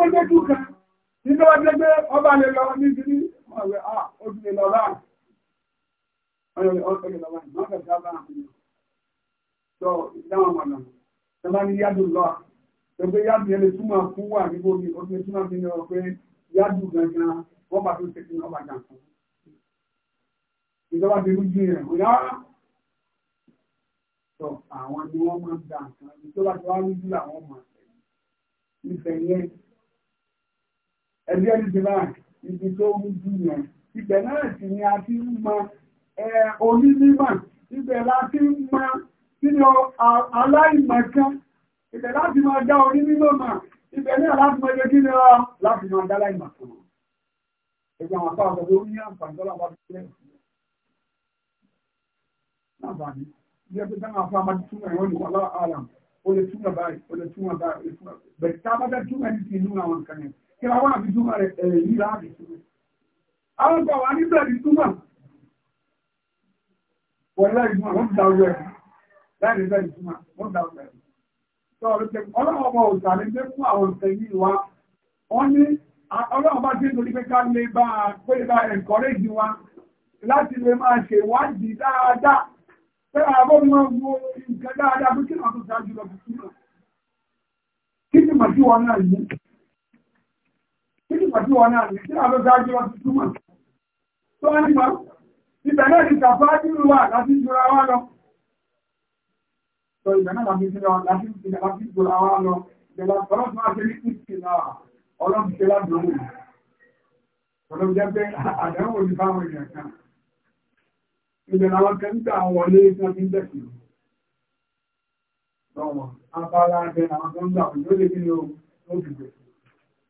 Nínú ọjọ́ pé ọba lè lọ ní ìdílé, wọ́n rẹ̀ á, ah, ó ti lè lọ bá. Ọjọ́ lè ọjọ́ lè lọ bá, máa fẹ̀ sábà àmì. Sọ ìdáhùn ọ̀nà, ṣe máa ní yádù lọ. Ṣé pé yádù yẹn lè túmọ̀ fún wà níbo ni ó ti lè túmọ̀ fi yọ pé yádù gangan wọ́n bá tó ṣe kí wọ́n bá jà fún. Ìjọba ti rújú rẹ̀, ọ̀yá. Sọ àwọn ni wọ́n máa ń da nǹkan, ìjọba ti wá rújú làwọn mọ̀ nífẹ̀ẹ́ yẹn ẹ̀rí ẹni ti náà ibi tó ń dùn yẹn ibẹ̀ náà sì ni a ti ń mọ onímọ̀ ibẹ̀ la ti ń mọ sínú aláìmọ̀kan ibẹ̀ láti máa dá onímọ̀ mà ibẹ̀ náà láti máa jẹ́ kí ni ọ láti máa dá aláìmọ̀kan. ẹgbẹ́ àwọn apá àgbàdo ní àǹfààní tó làwọn bá fi lẹ́yìn sílẹ̀. náà bá mi bí ẹgbẹ́ táwọn afọ amadé túmọ̀ ẹ̀wọ̀n ní wàhálà àlàm ó lè túmọ̀ báyìí ó lè túmọ̀ báyìí ó lè túmọ̀ bẹ̀rẹ̀ tá a bá fẹ́ túmọ̀ ẹni tì í nínú àwọn nǹkan yẹn kí a wá àbí túmọ̀ rẹ̀ ẹ̀rẹ̀ yìí láàbí túmọ̀. Àwọn ọkọ̀ wà nígbà bí túmọ̀. Wọ́n láì túmọ̀, wọ́n dá orí ẹ̀rí. Láì nígbà bí túmọ̀, wọ́n dá orí ẹ̀rí. Sọ ọlọ́run ọba òòsà ní pé fún àwọn ọ̀sẹ̀ yìí wá. Wọ́n ní ọlọ́run bá dé torí pé ká lè bá pé bá ẹ̀kọ́rẹ́jì wa láti lè máa ṣèwádìí dáadáa. Pé àbọ̀ mọ́ wo nǹkan dáadáa pé kí títí pàtí wọn náà ní sílá ló dájú wọn ti túmọ̀ tó wá nípa ibẹ̀ náà ní kàfá dúró wà láti jura wá lọ sọ ibẹ̀ náà láti jura wá láti láti jura wá lọ ìjọba ọlọ́sùn máa ṣe ní kìtì náà ọlọ́sùn ṣe ládùúgbò ọlọ́sùn jẹ́ pé àdánwò ní báwọn èèyàn kan ibẹ̀ làwọn kan ń gbà wọlé tí wọ́n ti ń bẹ̀sì lọ́wọ́ abala ẹgbẹ́ àwọn kan ń gbà wọlé lórí kí ni ó ti bẹ̀sì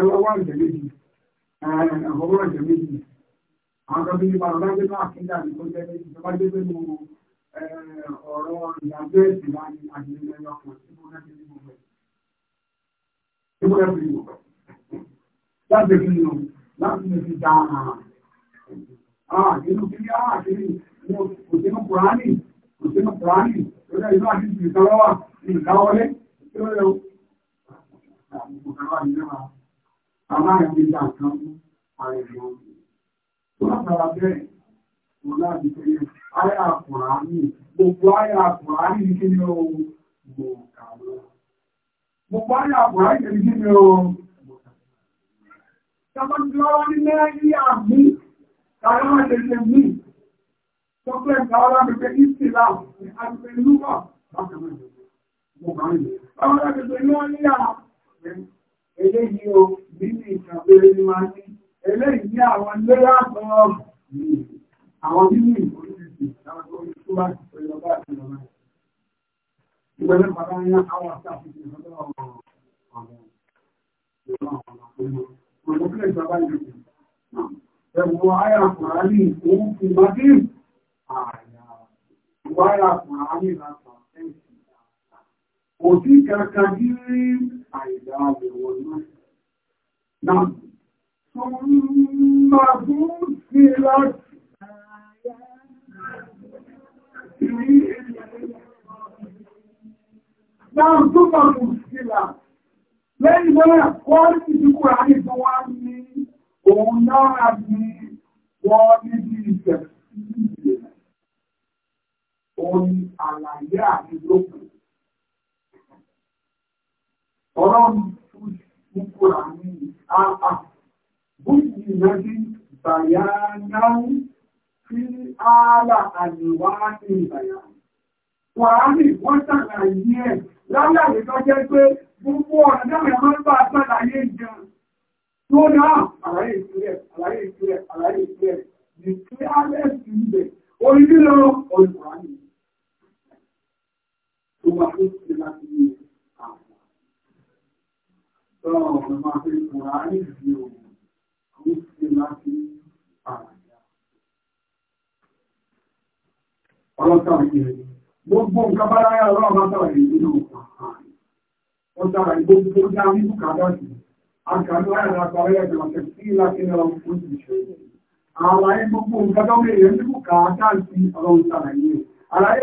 ẹwà wà ìjẹ méjì ẹ̀họ̀rọ̀ ìjẹ méjì àwọn kan bí nípa ọ̀rọ̀ jẹ́ náà kí dàbí tó jẹ́ méjì tó bá jẹ́ pé mo ọ̀rọ̀ ìyàgbé ẹ̀sìn wá ní àgbẹ̀lẹ̀ ọkọ̀ tí mo rẹ́ fi ní gbogbo ẹ̀ tí mo rẹ́ fi ní gbogbo ẹ̀ láti fi nù láti lè fi dá àà nínú kí á àkiri kò sínú kùránì kò sínú kùránì lórí ìlú àti ìsìn ìsọlọ́wà ìdáwọlé tí ó lè aláàrin ti dá nǹkan mú ààrẹ ìwọ̀n. Látara bẹ́ẹ̀, mo láti pé ayé àkùnrin gbogbo ayé àkùnrin ní kí ni ó mọ kàwé. Gbogbo ayé àkùnrin ní kí ni ó mọ kàwé. Tàbátìlọ́wọ́ ní Nàìjíríà mí, tàbí wọ́n ṣe ṣe mí. Tọ́pẹ́ ìgbàwọ́lá pẹ̀pẹ́ ìsìlá àti pẹ̀lú lúwà bákan náà. Gbogbo ayé. Àwọn nínú ìkàbẹ̀rẹ̀ ni wọ́n ní eléyìí ní àwọn lẹ́yà kan àwọn nínú ìforíṣìí àwọn tó àti ọba Òtí kankan jí rí àìdá náà. Náà. Súnmà fún sí láti Náà súnmà fún sí láti. Lẹ́yìn náà, wọ́n ti dúkù ráyè tó wá ní òun náà ní wọ́n níbi ìjẹ̀ Òun àlàyé àti lókùn. Ọlọ́run Qur'ani a'a buyyinatin bayanan fi ala àníwáàtì bayan. Qur'ani wọ́n ṣàlàyé ẹ̀ lálàyé tó jẹ́ pé gbogbo ọ̀nà dáwọn ẹ̀mọ́ ń bá ṣàlàyé jẹun. Tó náà, àlàyé ìpínlẹ̀, àlàyé ìpínlẹ̀, àlàyé ìpínlẹ̀, ní kí á lẹ́sìn ibẹ̀, orí lílọ olùkọ́ni. Tó wà fún ìlànà ìyẹn táwọn ọ̀pọ̀ máa fi kùnrà ní ìdí òun àwọn ìṣe láti àràyà. ọlọ́tàrí rẹ̀ gbogbo nǹkan bá láyé ọlọ́run bá tàbí nínú ọ̀pọ̀ ọ̀tàrà gbogbo ní àwọn ìlú kàdájì àkàdó àyàrá parí ẹ̀dọ̀ ọ̀tẹ̀ sí láti lọ oṣù ṣe àlàyé nǹkan tó mẹ́rin nínú kàdájì ọlọ́run sàlàyé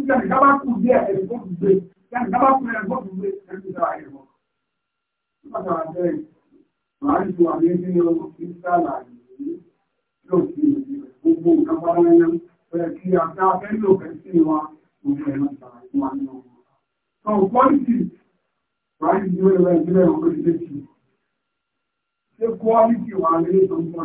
Nígbà tí kábà kù díẹ̀ ẹ̀rí kó kù gbé, yàtí kábà kù ẹ̀rí kó kù gbé, ẹ̀rí kò sára ẹ̀rọ. Nígbà tí wàá bẹ̀rẹ̀, màá ń tu àmì ẹgbẹ́ yẹn lọ sí sálà yìí, yóò fi gbogbo nǹkan padà yẹn, bẹ̀rẹ̀ kí àtà abẹ́lò bẹ̀rẹ̀ sí wa, gbogbo ẹ̀rọ sára fún wa nínú ọmọ. Sọ pọ́lìtì, wàá ń ju ẹ̀rọ ìbílẹ̀ ọkọ̀ ilé tì. Ṣé pọ́lìtì wà lé tó ń pọ̀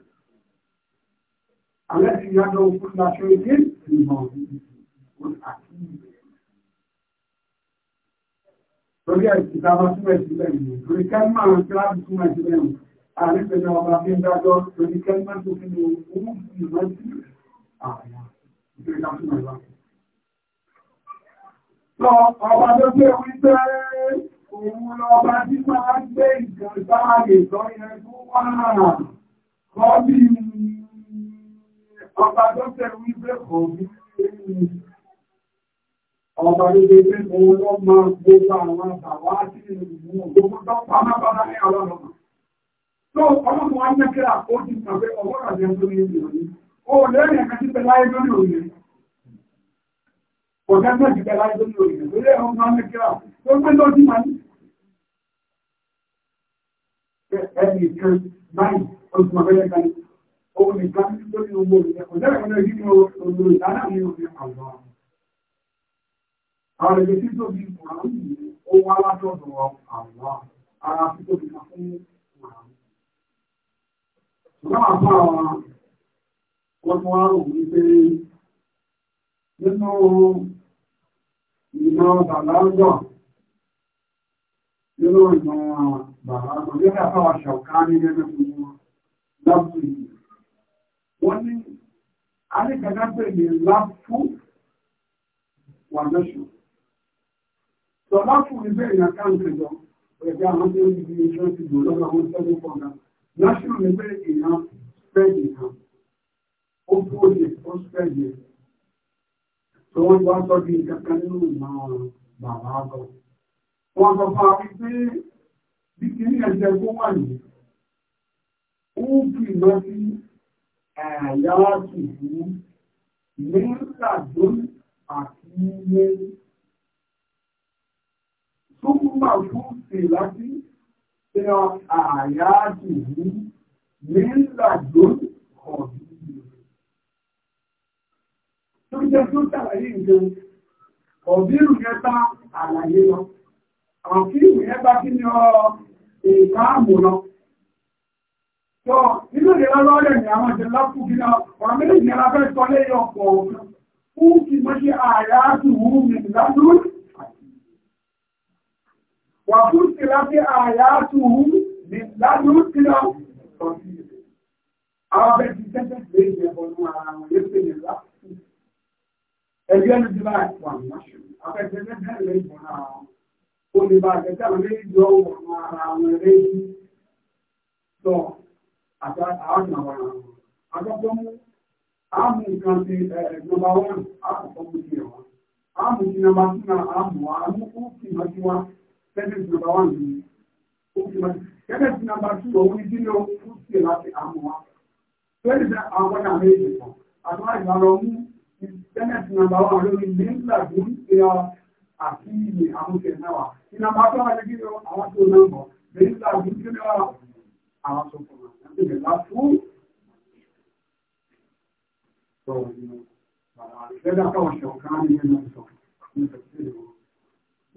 التي يدعو كل شيء في موضعه والحكيم lórí ìtàbá túnmọ̀ ìsìnlẹ̀ ìlú lórí kẹ́lmà kíláàbù pẹ̀lú ọba bí ń dájọ́ lórí kẹ́lmà tó fi lo owó ìlú. lọ tí máa gbé ọba dọ́kẹ̀ wípé kò ní ọba níbi pé mo lọ máa gbogbo àwọn àbàwá sí ìlú gbogbo tó pamápamá ní ọlọ́run tó ọlọ́run wá tó gbé lójú máa ní ẹnì kan báyìí ó mọ̀ òun nìkan lórí ogbò ìrẹ́kọ̀ọ́ lẹ́rẹ̀ ọ̀nà ìdí ní ogbò ìdáná ní orí àwọn àwọn ẹgbẹ́ tí tó bí ìkùnrin yìí ó wá látọ̀dọ̀ àwọn ara tí tó bí ká fún ìkùnrin. ṣùgbọ́n àpá àwọn wọ́n tún wá rò wípé nínú ìmọ̀ bàlágọ̀ nínú ìmọ̀ bàlágọ̀ nígbà táwọn ṣọ̀ká ní gẹ́gẹ́ fún wọn lábùú ìgbà wọ́n ní àríkàgá pè ní láfú wà mẹ́ṣù sọ láfú ní bẹ́ẹ̀ ní àkáǹtì lọ ẹ̀dá àwọn tó ń bí iṣẹ́ ti dùn lọ́wọ́ àwọn sẹ́gun fọ́nà mẹ́ṣù ní bẹ́ẹ̀ ìran spẹ́ẹ̀dì kan ó kú òye ó spẹ́ẹ̀dì tó wọ́n wá sọ bí kankan nínú ìmọ̀ bàbá bọ̀ wọ́n sọ fún wa wípé bí kìíní ẹ̀jẹ̀ kó wà ní ó kì í lọ sí àyáàtù fún nígbàdún àti iye túnmọ̀ fún ìlàtí tí wọ́n àyáàtù fún nígbàdún ọ̀dún tó jẹ́ tó tààrí nǹkan ọ̀bírù yẹn bá àlàyé lọ àfíìmù yẹn bá kí ni ọ ìkáàmù lọ Sọ inú ìlera lọ́rẹ̀ ni àwọn ìjẹ lápù gíga ọ̀rọ̀ méjì ní ara fẹ́ sọ lẹ́yìn ọ̀pọ̀ òfin. Fún kí mo ṣe ààrẹ àdùnwú mi lánú. Wà fún sí láti ààrẹ àdùnwú mi lánú sí lọ. Àwọn abẹ́ ti tẹ́tẹ́ lé ìjẹ ọ̀nù ara wọn yé pé ní lápù. Ẹgbẹ́ ní ti báyìí wà ní máṣe. Abẹ́ ti tẹ́tẹ́ lé ìjọ ara wọn. Olè bá àgbẹ̀tẹ̀ àwọn méjì lọ́wọ́ ọ̀nà ara wọn lé àjọ́jọ́ mú àmú nǹkan ti nọmba wọ́n àkọ́kọ́ mú sí ẹ̀wọ̀n àmú ti nọmba tún náà àmú àmú ó fi mọ́ sí wá sẹ́dẹ̀tì nọmba wọ́n ní ó fi mọ́ sí sẹ́dẹ̀tì nọmba tún òun ní dílé ó sì láti àmú wá sẹ́dẹ̀tì àwọn náà méjì kan àtúwá ìgbà lọ mú sẹ́dẹ̀tì nọmba wọ́n lórí nígbà tó ń ṣe àti ìyè àmúṣe náà wà ìnàmbá tó lè bá fún. Ìgbẹ́dà káwọn ṣọ̀kan ní ẹnu sọ ní ìfẹ̀sẹ̀ wọn.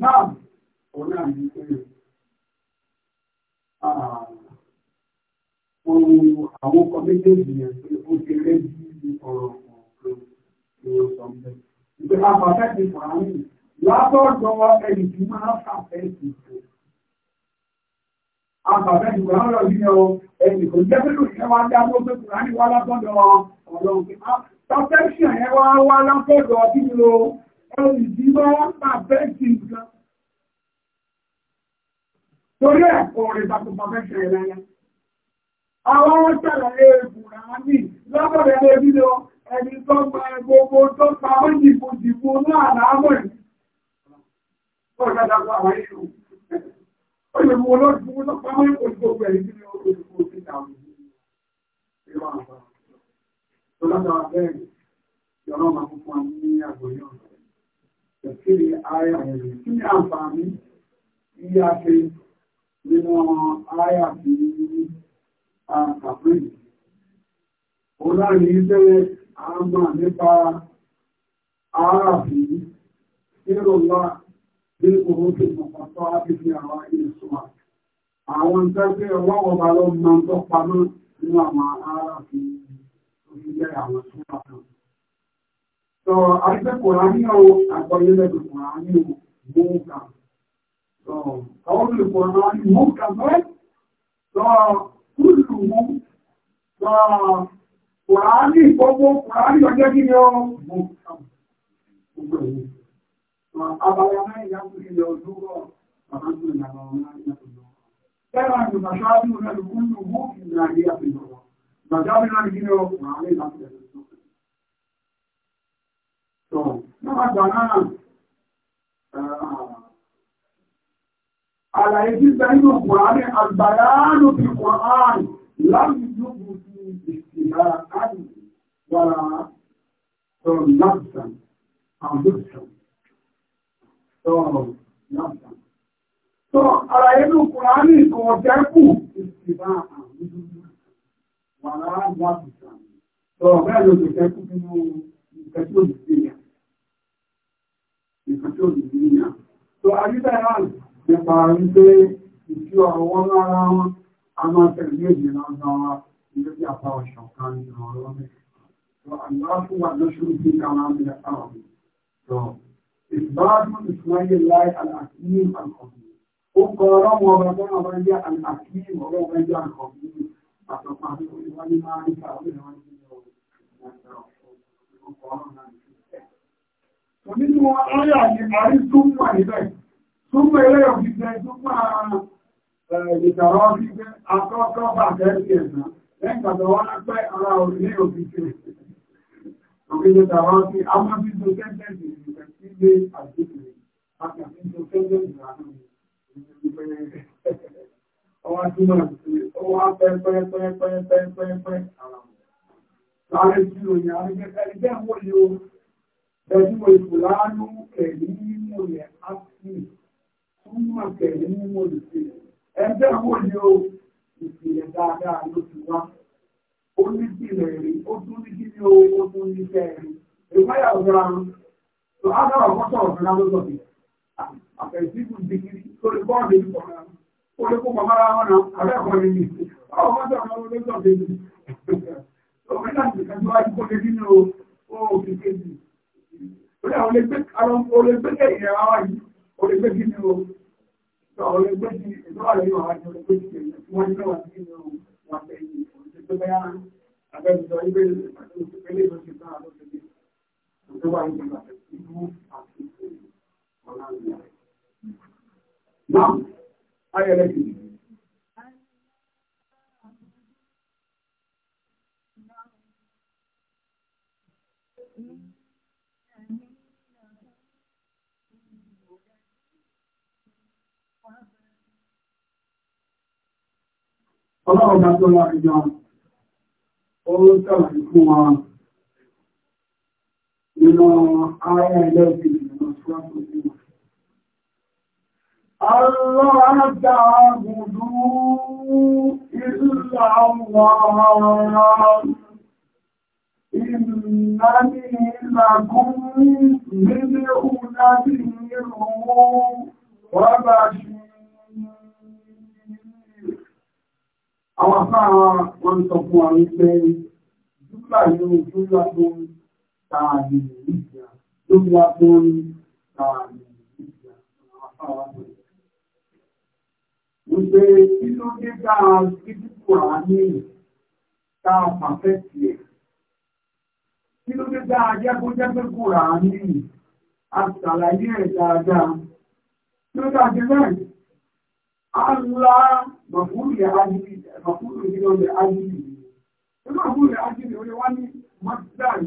Náà, òun náà ní pé ohun àwọn ọkọ̀ méjèèjì yẹn pé ó kéré bí ọ̀rọ̀ ọ̀kan ni ó sọ bẹ́ẹ̀. Ìgbẹ́ àpapẹ́ ti fà á nì látọ̀dọ̀ ẹni tí máa ń fà fẹ́ ìfẹ́ àbàbẹ́ ìgbà ọ̀rọ̀ yìí ọ ẹni kò jẹ́ pẹ̀lú ìyẹn wá dá mọ́ pẹ̀lú rání wá látọ́dọ̀ ọ̀rọ̀ perfection ní lọ́dọ̀dẹ̀ lé ẹni tó gba gbogbo tó pa ó náà láàmú ẹ̀. Ó ìdájọ́ àwọn ìṣòro ó lè mú olóògùn lọ́pàá mọ́ ìpòlùpò pẹ̀lú ní olùkó sí àwọn ìlú àwọn tó látara bẹ́ẹ̀ yọ̀rọ̀ máa fún wa ní àgbòyé ọ̀rọ̀ ìkiri àyà ẹ̀rẹ̀ kí ni àǹfààní yí a ṣe nínú àyà tí a kàpẹ́ yìí ó láàrin ìbẹ̀rẹ̀ àmà nípa àràfí ìrọ̀lá bí owó tó mọ̀ pàtó àbíbí àwọn ìṣúwà. Àwọn tẹ́gbẹ́ ọlọ́wọ́ bá lọ máa ń tọ́ pamọ́ nínú àwọn ará fi orílẹ̀ àwọn ìṣúwà kan. Sọ àríkẹ́kọ̀ọ́ ráníyàn àgbọ̀yé lẹ́gbẹ̀kọ̀ ráníyàn mọ́ǹkà. Sọ àwọn olùkọ́ ráníyàn mọ́ǹkà mẹ́. Sọ kúrùlù mú. Sọ Kùránì gbogbo Kùránì ọjọ́ kí ni ó mọ́ǹkà. Gbogbo ẹ̀yìn abala náà yàtọ̀ ilẹ̀ òdúrọ̀ àbájú ìlànà ọ̀nà ìyàtọ̀ lọ. Tẹ́lá ni Màṣáájú rẹ̀ lùkú ń lùkú ìlànà ayé àfihàn lọ. Màṣáájú náà kí ni ọkùnrin àárẹ̀ láti ẹ̀sẹ̀ tó. Sọ, nípa gbà náà, àlàyé tí ń bẹ nínú ọkùnrin àárẹ̀ àgbàrá ló fi kàn án láti dúkù sí ìsìlá àdì wàrà sọ̀rọ̀ láti sàn àwọn tó ti sàn sọ̀rọ̀ náà. Sọ ara inú Kùránì ìtàn ọ̀jẹ́ kù ìsìnbá àmúdú wà lára wà tìta. Sọ bẹ́ẹ̀ ló ti jẹ́ kú nínú nǹkan tí ó lè sí ìyá. Nǹkan tí ó lè sí ìyá. Sọ Ayúdáyàn nípa lára wọn a máa tẹ̀lé èdè lọ́dọ̀ wa a bá ọ̀ṣọ̀ kan nínú ọ̀rọ̀ ìbádùn ìsmáyé láì àlàkíyìm àkọ̀bí. Ó kọ ọlọ́run ọba tó máa máa yá àlàkíyìm ọlọ́run máa yá àkọ̀bí. Àtọ̀pá àti wọ́n ní máa ń ta ọ̀rẹ́ wọn ní ọ̀pọ̀ ọ̀rọ̀ náà. Onínú ọ̀rẹ́ àti àrí súnmọ̀ níbẹ̀. Súnmọ̀ ilé òfin jẹ́ súnmọ̀ ìtàrọ̀ sí pé akọ́kọ́ bàtẹ́ sí ẹ̀sán. Lẹ́yìn tàbí wọ́n pẹ́ ara òní òfin jẹ́. Òfin jẹ́ tàrọ̀ sí tó tẹ́tẹ́ gbígbé àgbègbè àtàkùnjọ fẹ́lẹ̀ ìlànà ọwọ́ túnmọ̀ ọwọ́ pẹ́pẹ́pẹ́pẹ́pẹ́pẹ́ àwọn láàrín tí ó yà ẹgbẹ́ àwọn yóò tẹ́jú ìfòlánú kẹ̀lú mímọ̀ yẹ ápì túnmọ̀ kẹ̀lú mímọ̀ lùsí ẹgbẹ́ àwọn yóò ìpìlẹ̀ dáadáa ló ti wá ó ní kí lẹ̀rí ó tún ní kí ní owó ó tún ní kẹrin ìwáyà ọ̀rọ̀ So how about what sort of another topic? After people degree, so the God is for them. So the Kuma Maravana, I don't want to Oh, what sort of another topic? So when I can do I put it in your oh, because so now let's make around all the big area, all the big in your so all the big in your all the big in your one know what you know what they need. Oh, so they are, I guess, so I will, I will, I will, I will, I will, I will, I will, I will, ìlú àti ìlú ọ̀làǹdà. Náà, ayẹyẹ kìí. Ọlọ́run bá tó láàrin jọ, ó ń sọ̀rọ̀ ìfún wọn nínú ayé ẹgbẹ́ òkèèrè nínú ṣúwájú sí wọn. Aláàdá gùdú ìlà wọn Ìnáni àwọn afára wọn sọ fún àwọn ìpẹ́ júlà yóò júlà tó tààmì ìgbà ló mú wá fún ní tààmì ìgbà wípé kí ló dé dáa títúkù àánú táa pàfẹ́ tiẹ̀ kí ló dé dáa jẹ́gbẹ́jẹ́gbẹ́ kùrà ní àtàlàyé ẹ̀ dáadáa kí ló dáa jẹ́ bẹ́ẹ̀ Allah mọ̀fúrú yẹ ájírí mọ̀fúrú yẹ ájírí mọ̀fúrú yẹ ájírí orí wá ní mọ́tíláì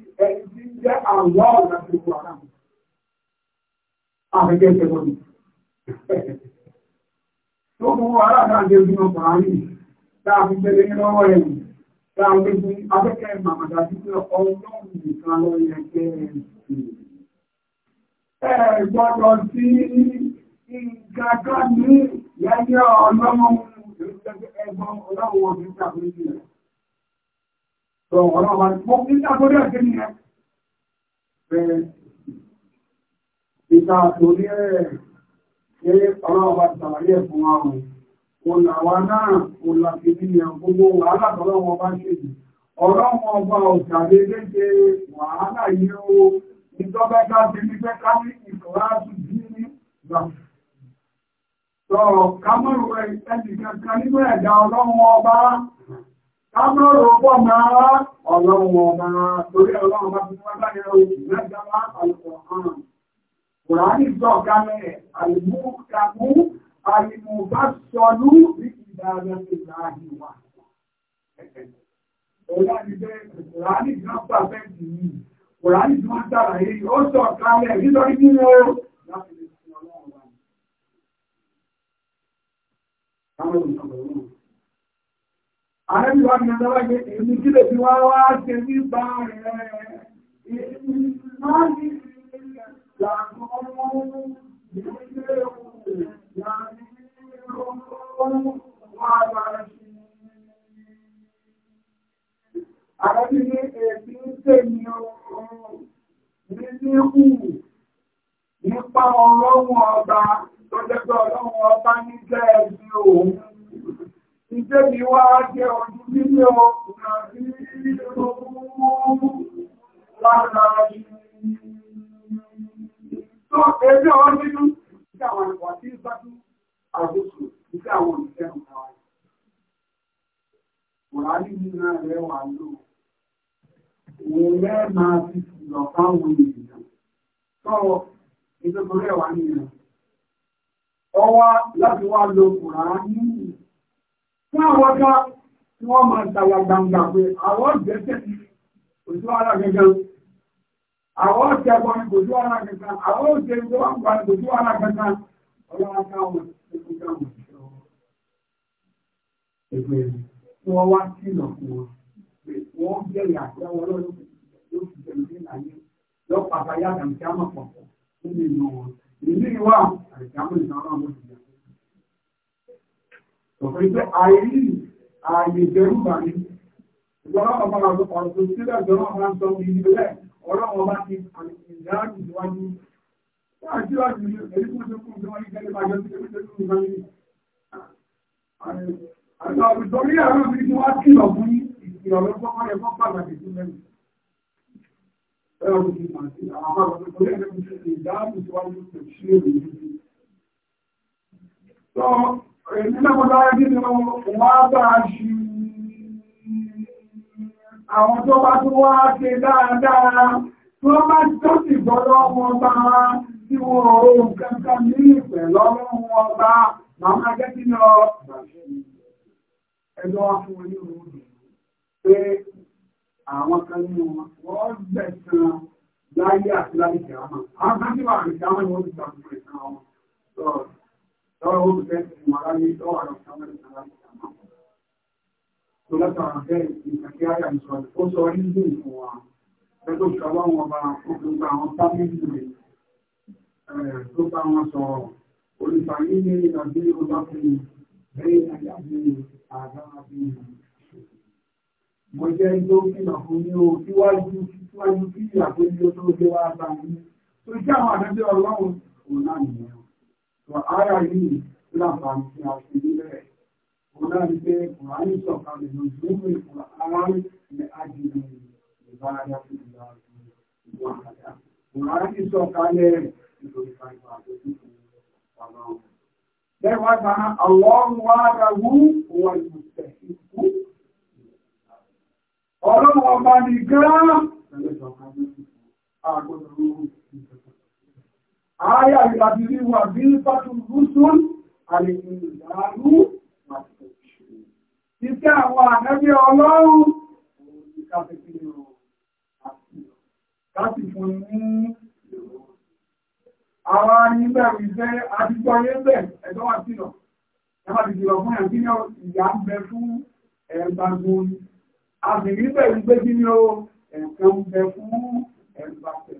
ẹni tí ń jẹ́ àwọn ọ̀nà tó wà náà. Àfẹ́kẹ́ ah, ṣe wọ́n ni. Tó mú wàhálà náà jẹ́ bí wọn pàá rí, táà fi tẹ́lẹ̀ ní lọ́wọ́ ẹ̀ táà fi fún afẹ́kẹ́ màmàdà sí pé ọlọ́run nìkan lọ yẹ kẹ́ ẹ gbọ́dọ̀ sí nǹkan kan ní lẹ́yìn ọlọ́run ẹgbọ́n ọlọ́run Ìta torí ẹ̀ ṣe ọlọ́ọ̀bá tààrí ẹ̀fún àrùn, olàwà náà olàfi ní ẹ̀gbogbo wàhálà tọ́lọ́wọ́ bá ṣe jù. Ọlọ́wọ́ ọba òṣàlé léṣe wàhálà yìí ó ìjọba ẹgbà ti ní pẹ́ káwí ìkọ̀láṣù bí ní gbà. Sọ Kámọ́rọ̀ ọgbọ́ máa ọlọ́run ọba torí ọlọ́run bá ti wá báyẹ̀ òkú lẹ́gbàmá alùpùpùn. Kùránì sọ kálẹ̀ àìmúkàmú àìmúbá sọlú ní ìdájọ́ ti láàyè wà. Ọlá ti bẹ́ Kùránì náà pàfẹ́ jì ní. Kùránì tí wọ́n dára yìí, ó sọ kálẹ̀ nítorí nínú láti lè fún ọlọ́run wà. Kámọ́rọ̀ ọgbọ́ Àrẹ́bí wá gbẹ̀rẹ̀ lọ́wọ́ ìlú kí lè fi wá wá ṣe ní bá rẹ̀ Àrẹ́bí ní èsì ń tè ní ọrùn ní ní hù nípa ọlọ́run ọba tó jẹ́ pé ọlọ́run ọba ní jẹ́ ẹ̀bí òun. Débi wá jẹ ọdún nílé ọkùnrin rí lóòrùn lára rí. Tó ẹgbẹ́ ọ nínú ìgbà àwọn ìwà tí ń bá tún àgbóṣù ìgbà àwọn ìfẹ́ ọ̀nà wa. Kùránì nínú rẹ̀ wà lóò. Òun rẹ̀ máa fi lọ fáwọn èèyàn. Tọ́wọ́ ìjọba fún àwọn ọ̀gá tí wọ́n máa tàwà gbangba pé àwọn ọ̀gbẹ́sẹ̀ ojú ara gẹ́gẹ́ àwọn ọ̀tẹ́gbọ́n ojú ara gẹ́gẹ́ àwọn ọ̀tẹ́gbọ́n ojú ara gẹ́gẹ́ ọlọ́wọ́ táwọn ẹgbẹ́ àwọn ìṣòro ẹgbẹ́ wọn wá sí ìlọ̀kùn wọn wọ́n bẹ̀rẹ̀ àtẹ́wọ́ lọ́dún yóò fi jẹun ní ìlànà lọ́pàá bá yàtọ̀ ìjámọ̀ pọ̀pọ̀ nínú ìlú wọn ìlú ìwà àìjámọ̀ ìdáná ọmọdé Òfin pé àìrí ààyè ìjẹrúgbà ní. Ìjọba ọmọ àwọn ọ̀rọ̀ sílẹ̀ ìjọba máa ń sọ ìrìnlẹ̀ ọlọ́run bá ti ìdáàbò síwájú. Láàájú láti èyí tó ṣe fún ìjọba ìjẹ́lẹ̀ máa jẹ́ sí ẹgbẹ́ tó ń bá ní. Àjọ àwùjọ ní àwọn ìbí tí wọ́n kìlọ̀ fún ìkìlọ̀ ṣe ìdáàbò síwájú kò Àwọn tó bá tó wá ṣe dáadáa, tó bá tó sì gbọ́lọ́ wọn bá tí wọ́n oòrùn kankan ní ìpẹ̀ lọ́rùn wọn bá, máa máa jẹ́ kí lọ ẹjọ́ wá fún orí oòrùn pé àwọn kan ní wọn, wọ́n gbẹ̀sán láyé àti láyé kìí Sábàbù fẹ́ ìmọ̀lá ní lọ́wọ́ àwọn ọ̀sán tó látara fẹ́ ìkàkí àyà ìṣọ̀lẹ̀ ó sọ rí ní ìfún wa lẹ́tọ̀ ìṣọ̀lọ́ wọn bá ọkùnrin àwọn fámílì rẹ̀ tó bá wọn sọ̀rọ̀ olùfàyí ní ìdàbí ọlọ́pìn rí àyàbí àdáàbí mo jẹ́ tó kìlọ̀ fún ní o síwájú síwájú kí ìyàgbé ní o tó gbé wá bá yín tó jẹ́ àwọn àdájọ́ ọlọ́run òun náà nìyẹn ààrà yìí láǹfààní tí a ṣe níbẹ̀ wọn náà ní pé kùránì sọ̀kalẹ̀ lójú ní kùránì ní àjùmọ̀ ìbáradá sí ìlà ìlú àkàdá kùránì sọ̀kalẹ̀ nítorí káyọ̀ àdójúkọ̀ bàbá wọn. bẹ́ẹ̀ wá gba àwọn wàrà wú wọn ìlú tẹ̀síkú. ọlọ́run ọba nìkan. àgbọ̀dọ̀ ló ń bọ̀. Ayé àríwájú ní wà bí pàtó gúúsùn àlèyìn ìdàrú àti òṣèlú. Iṣẹ́ àwọn ànẹ́bí ọlọ́run òun ti káfí fi rọ̀ àti rọ̀. Káfí fún ní ìrọ̀. Àwọn anígbẹ̀ ìfẹ́ àdúgbò ayé bẹ̀ ẹ̀dọ́ wà sí lọ. Ẹ má ti dìrọ̀ fún ẹ̀kí ní ìyá ń bẹ fún ẹ̀ẹ́dàgbọ́n. Àbìrí bẹ̀ ń gbé kí ni ó ń bẹ fún ẹ̀ẹ́dàgbọ́n.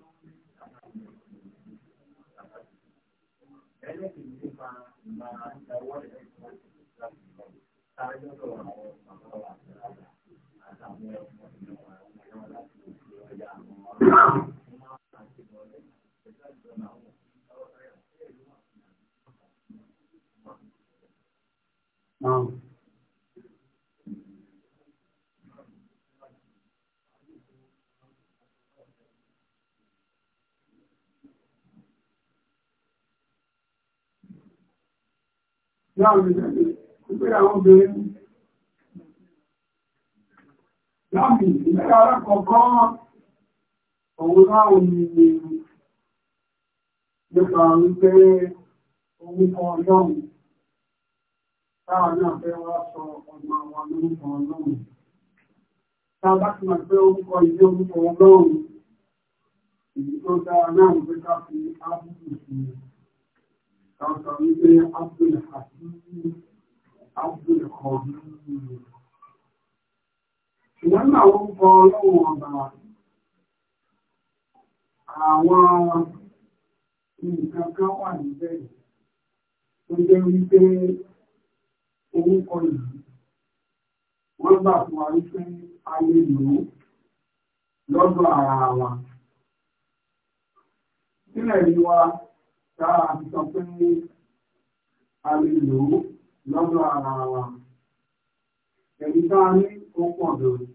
ẹlẹ́kìí Um, láwọn ìjọdé wípé àwọn kan ọlọ́run táwọn náà wá sọ ọmọ àwọn lórúkọ ọlọ́run táwọn bá ti mọ̀ pé orúkọ ilé orúkọ ọlọ́run èyí tó dára náà wípé ká fi ábùkù sí i Àwọn náà wọ́n kọ ọlọ́run ọba àwọn nǹkan kan wà níbẹ̀ tó jẹ́ wípé orúkọ yìí wọ́n gbà fún wa wípé a lò ó lọ́dọ̀ ara wa. Sílẹ̀ ni wa táà ti sọ pé a lè lò ó lọ́dọ̀ ara wa ẹ̀rí táà ní ó pọ̀ lórí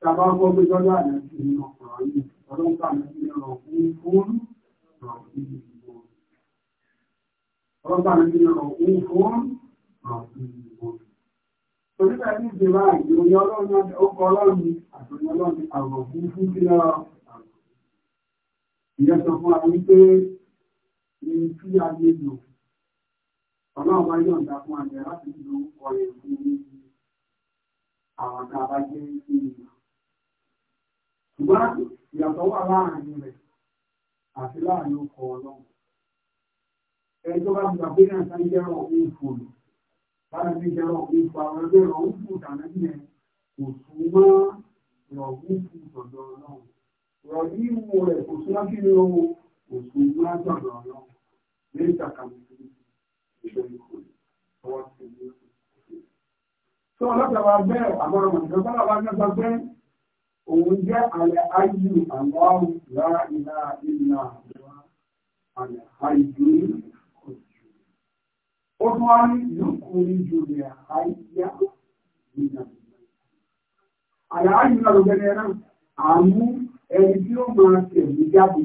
tàbá gbọ́ pé lọ́dọ̀ àyẹ̀kì ní ọkùnrin yìí ọlọ́pàá ní ilé ọ̀rọ̀ fún fún ọ̀rọ̀ sí ìdìbò ọlọ́pàá ní ilé ọ̀rọ̀ fún fún ọ̀rọ̀ sí ìdìbò Torípẹ̀ ní ìdìbà ìròyìn ọlọ́run ọkọ̀ ọlọ́run àtòyìn ọlọ́run àrọ̀ fún fún kí lọ́rọ̀ ìyẹn sọ fún àwọn wípé ní tí a lè lò ọlọ́run bá yọ̀ǹda fún àjẹ́ láti lo ọ̀rẹ́ fún ní àwọn tá a bá jẹ́ ènìyàn ṣùgbọ́n ìyàtọ̀ wà láàrin rẹ̀ àti láàrin ọkọ̀ ọlọ́run ẹni tó bá ti gbà pé náà sáré jẹ́rọ òun fò lò lára ní jẹ́rọ òun fò àwọn ẹgbẹ́ rọ̀ òun fò dáná ní ẹ kò sún mọ́ rọ̀ òun fò ọlọ́run rọ̀ yíwò rẹ̀ kò sún mọ́ kí kò sún mọ́ sọ̀dọ̀ ọlọ́run. ليس كمثله شيء هو السميع tó ọlọ́pàá bẹ́ẹ̀ àbọ̀rọ̀ mọ̀tò tó bá ń sọ pé òun jẹ́ àlẹ́ ayé àlọ́run lára ìlà ìlà àlọ́ àlẹ́ ayé ọ̀jù. ó tún wá ní lùkùnrin jù lè àyà nínú àlẹ́ ayé náà ló gbẹ́ni ẹ̀rọ àmú ẹni tí ó máa tẹ̀lé jáde.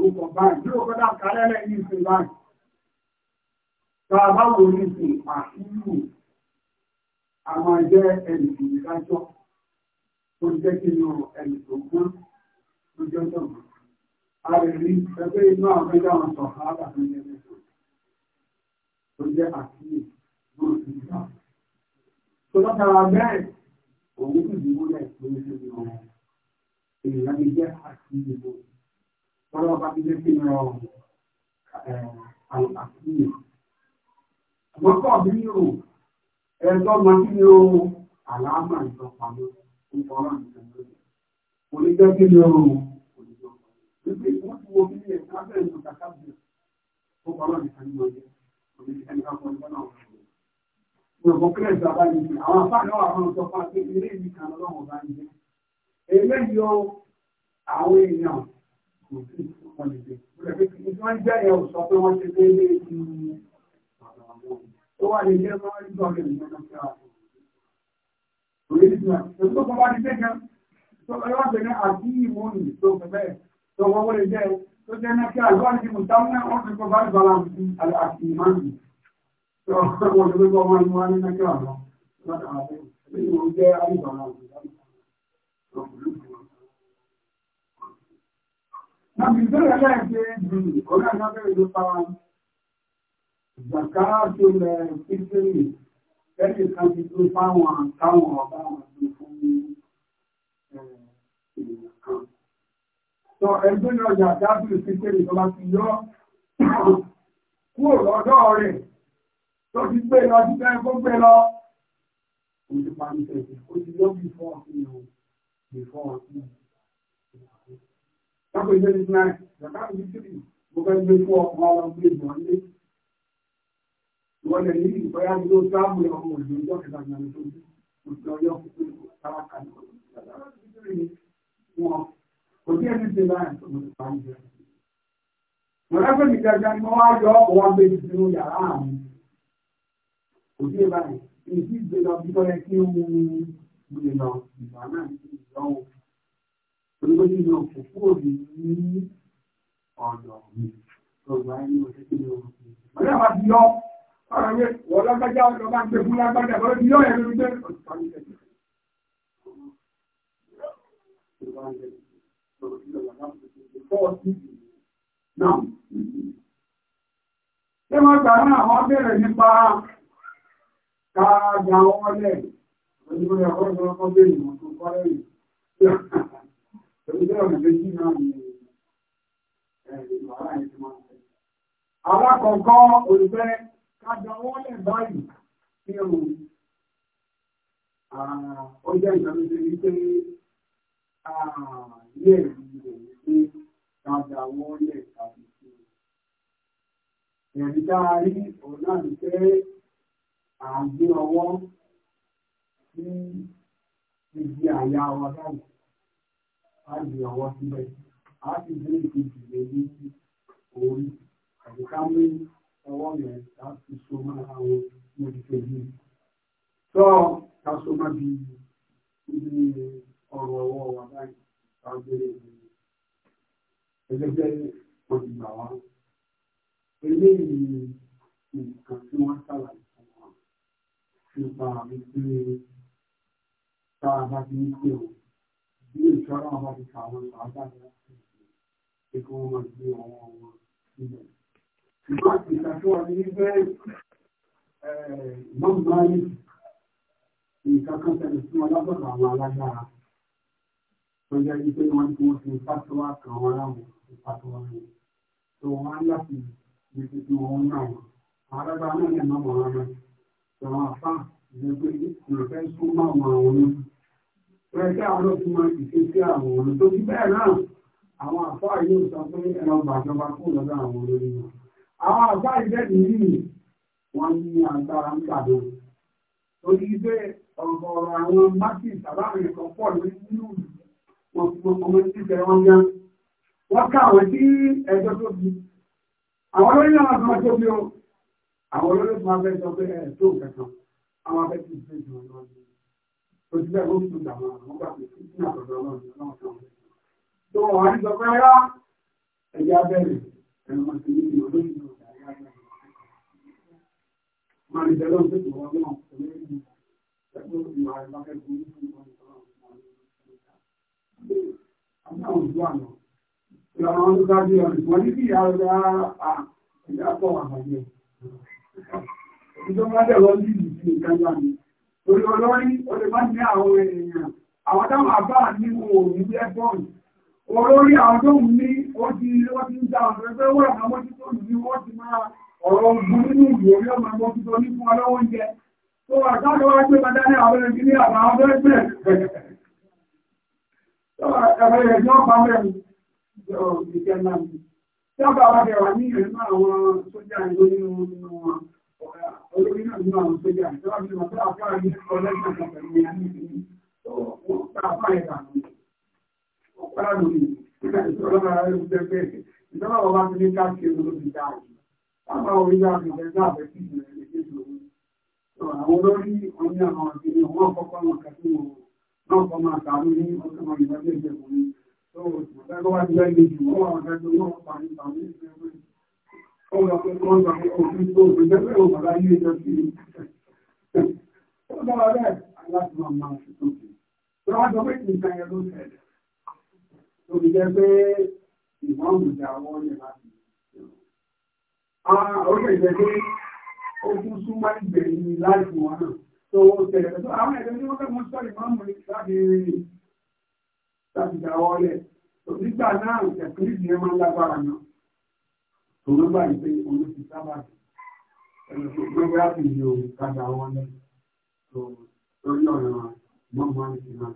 orúkọ báyìí bí òkúta kálẹ́lẹ̀ ní ìsìn báyìí tá a bá wo ní ìsìn àkíyù àwọn ẹgbẹ́ ẹnì tó ń dájọ́ tó ń jẹ́ kí n lọ ẹnì tó gbọ́n tó jẹ́ tọ̀gbọ́n a lè rí ẹgbẹ́ inú àwọn ẹgbẹ́ àwọn sọ̀rọ̀ alábàtàn jẹ́ mẹ́tò tó jẹ́ àkíyè lóò sí ìgbà tó lọ́tara bẹ́ẹ̀ òun kìí múlẹ̀ lórí ìṣẹ́gun ọ̀rọ̀ èèyàn lè jẹ́ àkíyè lóò lọ́wọ́ bá ti jẹ́ kí n rọ àkíyè. Àwọn kọ́ bí rò ẹjọ́ máa kí ni ó àlámà ìjọpamọ́ nípa ọ̀rọ̀ nìkan lórí. Kò ní jẹ́ kí ni ó kò ní jọ. Nígbà tí wọ́n ti wo bí ẹ̀ lábẹ́ ìlú kàkà bí ó kọ́ ọ̀rọ̀ nìkan ní ọjọ́. Kò ní ẹni ká kọ́ ọjọ́ náà wọ̀. Mo rò pé ẹ̀sà bá yìí àwọn afáàlọ́ àwọn ọ̀sọ́fà pé ilé ìlú kò sí ìfọ̀n lè dé. Wọ́n jẹ́ ẹ̀ ò sọ pé wọ́n ṣe pé ilé ti ọ̀dọ̀ àwọn tó wà ní ilé wọn nígbà ọ̀rẹ́ ìlú náà fi àwọn. Òye ti wà. Èso kan bá ti dé kan. Sọ ẹwà bẹ̀rẹ̀ àti ìmọ̀ òní tó fẹ́ bẹ́ẹ̀. Sọ wọ́n wọlé jẹ́ o. Tó jẹ́ náà kí àlọ́ àti mùtáwọn náà wọ́n Ìjàkáàtò rẹ̀ títírì, ẹni kan ti tó fáwọn àtàwọn ọba wọn tó fún ní ènìyàn kan. Sọ ẹgbẹ́ náà yà dábìlì títírì tó bá ti yọ kúrò lọ́dọ̀ rẹ̀ tó ti gbé lọ ti fẹ́ kó gbé lọ. Ó ti pa ní tẹ̀sí, ó ti yọ bí fọ́ ọ̀sìn ìhùn, bí fọ́ ọ̀sìn ìhùn lápò ìjẹ́ ní náà yàtá mi tìrì mo fẹ́ gbé fún ọkọ̀ ọmọ gbé ìgbọ̀n lé ìwọ́n lè ní ìfọ́yà ní ó sáàmù ọmọ òjò ìjọ kẹta ìgbàlè tó bí mo ti ọyọ́ fún tára kan wọn kò sí ẹni tí láì tó mo ti pa ń jẹ. mọ̀láfẹ́ mi gàgà ni wọ́n á yọ ọkọ̀ wọn gbé sínú yàrá mi kò sí ìbáyìí èyí sì gbé lọ bí tọ́lẹ̀ kí ó mú mi lọ ìgbà náà ìgbà náà Olúgbé nínú ọkọ̀ kúrò ní ọ̀dọ̀ mi. Ọgbà ẹni ọ̀sẹ̀ kí ni ó ń fi. Bàdá wa yọ, ọ̀rọ̀ yẹn, wọ́n lágbájá ọ̀dọ̀ bá gbé fún lágbájá, bọ́lá ti yọ ẹ̀ lórí bẹ́ẹ̀. Ṣé wọ́n gbà náà wọ́n bẹ̀rẹ̀ nípa káàgbà wọn lẹ̀? Olúgbé ọ̀rọ̀ ọ̀rọ̀ ọ̀rọ̀ bẹ̀rẹ̀ wọn tó kọ́ lẹ́yìn. Alákọ̀ọ́kọ́ olùfẹ́ kájọ wọ́n lè báyìí tí ó ó jẹ́ ìjọmíṣe ní pé ààrẹ ìrìnlẹ̀ ní kájọ wọ́n lè tàbí sí. Ẹ̀rí dáárí òun náà ní pé ààgbé ọwọ́ sí ibi àyà wa á ọwọ́ síbẹ̀ á sì gbé ìkejì orí àti mú ọwọ́ yẹn láti so máa àwọn olùkẹ́ yìí. tó ká so má bí ibi ọ̀rọ̀ ọwọ́ wa báyìí ká gbé ẹgbẹ́gbẹ́ e òdìgbà wa. eléyìí nǹkan tí wọ́n ṣàlàyé fún wa nípa wípé tá a bá ti ń pè wọ́n bí ìṣọ́ra wọn ti kà wọn àgbàdo láti ṣe kí wọ́n máa gbé àwọn ọmọ sílẹ̀. ṣùgbọ́n ìṣàtúwọ̀n ní bẹ́ẹ̀ mọ́mú báyìí nǹkan kan tẹ̀lé sí wọn lọ́sọ̀rọ̀ àwọn alágbára tó jẹ́ pé wọ́n ti wọ́n ti fásitì kan wọn láwọn ìfàtọ́ wọn ni tó wọ́n á láti ní títí wọn náà wọn. àwọn alágbára náà lè má mọ̀ wọn náà. ṣùgbọ́n àfáà ìgbẹ́gbẹ́ ìrọ̀fẹ́ súnmọ́ àwọn àwọn oníṣẹ́. rẹ̀kẹ́ àwọn ọmọ ìfẹ́sí àwọn ọ̀nà tó ti bẹ́ẹ̀ náà àwọn àfáà yóò sọ pé ẹran gbàjọba kó lọ́dọ̀ àwọn olórí wọn àwọn àfáà ìbẹ́ẹ̀dì yìí wọ́n ní agbára ń gbàdọ̀ pé àwọn mákì kan pọ̀ nínú wọn fún ọmọ wọn yá wọ́n ká àwọn tí ẹjọ́ tó bi àwọn olórí náà tó bi o àwọn olórí sọ pé ẹ̀ tó tó ló fi ìdààmú àwọn gbà pé ní àtọ̀dọ̀ ọlọ́run náà sàn án. tó wọn á sọ pé rárá ẹ̀yà bẹ̀rẹ̀ ẹ̀rọ máa ti ní ìlú olóyìn náà dárí àgbà. máa ní bẹ́ẹ̀ lọ́sẹ̀ tó wọ́n náà pẹ̀lú ẹ̀kọ́ ìwà ìbáfẹ́ burú fún ìwà ìtọ́lá Ìlànà ọdún dájú ọ̀rẹ́, wọ́n Torí olórí, ó lè má ní àwọn èèyàn. Àwọn táwọn àbá nínú òun jẹ́ bọ́ọ̀lù. Olórí àwọn tó ń ní ó ti wọ́n ti ń dá ọ̀rọ̀ ẹgbẹ́ wọ́n àwọn mójútó ní wọ́n ti máa ọ̀rọ̀ ogun nínú ìlú orí ọmọ mójútó ní fún ọlọ́wọ́ oúnjẹ. Tó àtàkọ́ wá gbé padà ní àwọn ẹgbẹ́ ní àwọn abẹ́gbẹ́. Tó àtàkọ́ ẹgbẹ́ ní ọ̀pá mẹ́rin ìjọba ìjẹ́ náà. Sábà wá Orí náà ní àwọn sójà, ìjọba ti mọ̀ pé àfáà ní ọlọ́gbọ̀n kan pẹ̀lú ìyá ní ìlú. Wọ́n pa àfáà ẹ̀dà nù. Ọ̀rọ̀ ọ̀pọ̀ ọ̀rọ̀ òfin tó òfin Nígbà náà, ẹ̀kúrìsì yẹn máa ń lágbára náà tòun gbà yí pé òun ti sábà gbogbo àti ìyè òun kájà wọn lẹ lórí ọ̀rọ̀ mọ́mọ́ àti náà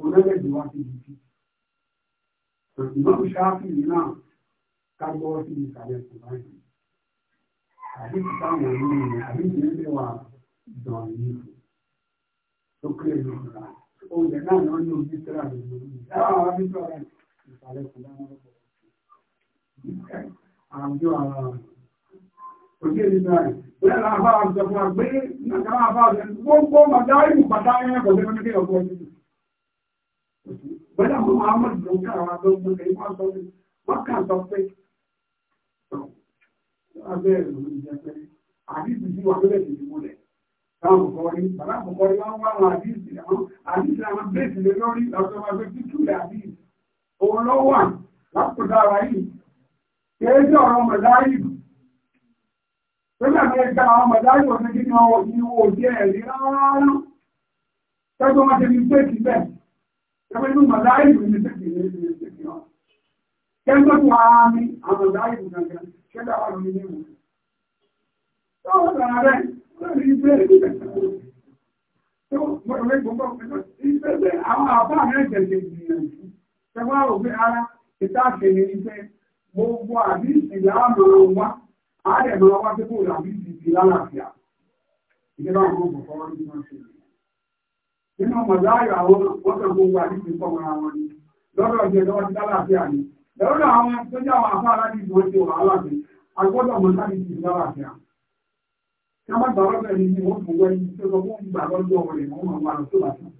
onílẹ̀-èdè wa ti di sí. ìmọ̀mù ṣáàpì yìí náà ká gbọ́ sí ìsàlẹ̀ kò báyìí àbí ti táwọn olóyìn àbí ti ń lé wa dàn yìí fún tó kéré ní ìgbà oúnjẹ náà ni wọ́n ní ojú tẹ́lá lórí ìsàlẹ̀ kò báyìí àjọ ara rẹ̀. Òjì èyí náà rẹ̀. Bẹ́ẹ̀ náà bá a sọ fún wa pé nàkàrà bá a sọ gbogbo màdá ìlú pàtà ẹ̀rọ kò sí fẹ́mi ọkọ̀ ọdún. Bẹ́ẹ̀ náà mo máa mọ̀ ìdùnnú káàrà tó mú èyí wá sọ pé wọ́n kà sọ pé abẹ́ ẹ̀rọ ló ń jẹ pé àdìsí sí wà lórí ẹ̀sìn ìdìbò rẹ̀. Táwọn kọ̀ọ̀rí, bàbá àkọ́kọ́rí wá ń wá àwọn àdìsí àwọn àdìsí àwọn bẹ́ẹ̀sì lé lórí lọ́sọ̀rọ̀ àgbẹ̀ títúlẹ̀ àdìsí. Òun lọ́wọ́ kéèjì ọ̀rọ̀ mọ̀láyìí Nígbàtí ẹgbẹ́ àwọn mọ̀láyìí ọ̀sẹ̀ kí ni ọwọ́ ní owó jẹ́ ẹ̀rí rárá. Tẹ́gbọ́n máa ṣe ní ṣéèkì bẹ́ẹ̀. Ẹgbẹ́ inú mọ̀láyìí ní ṣéèkì ní ṣéèkì náà. gbogbo àdíṣì ma wá àádẹ̀mà wá tí kò làbíṣì ti lálàáfíà ìjọba àwọn ọgbọ̀fọ́ wọn ní wọ́n ṣe nínú àwọn gbogbo àwọn ni ti ni àwọn ṣe wàhálà sí agbọ́dọ̀ mọ̀ ládìsì lálàáfíà kí a má fún wẹ́yìn tó sọ fún mọ́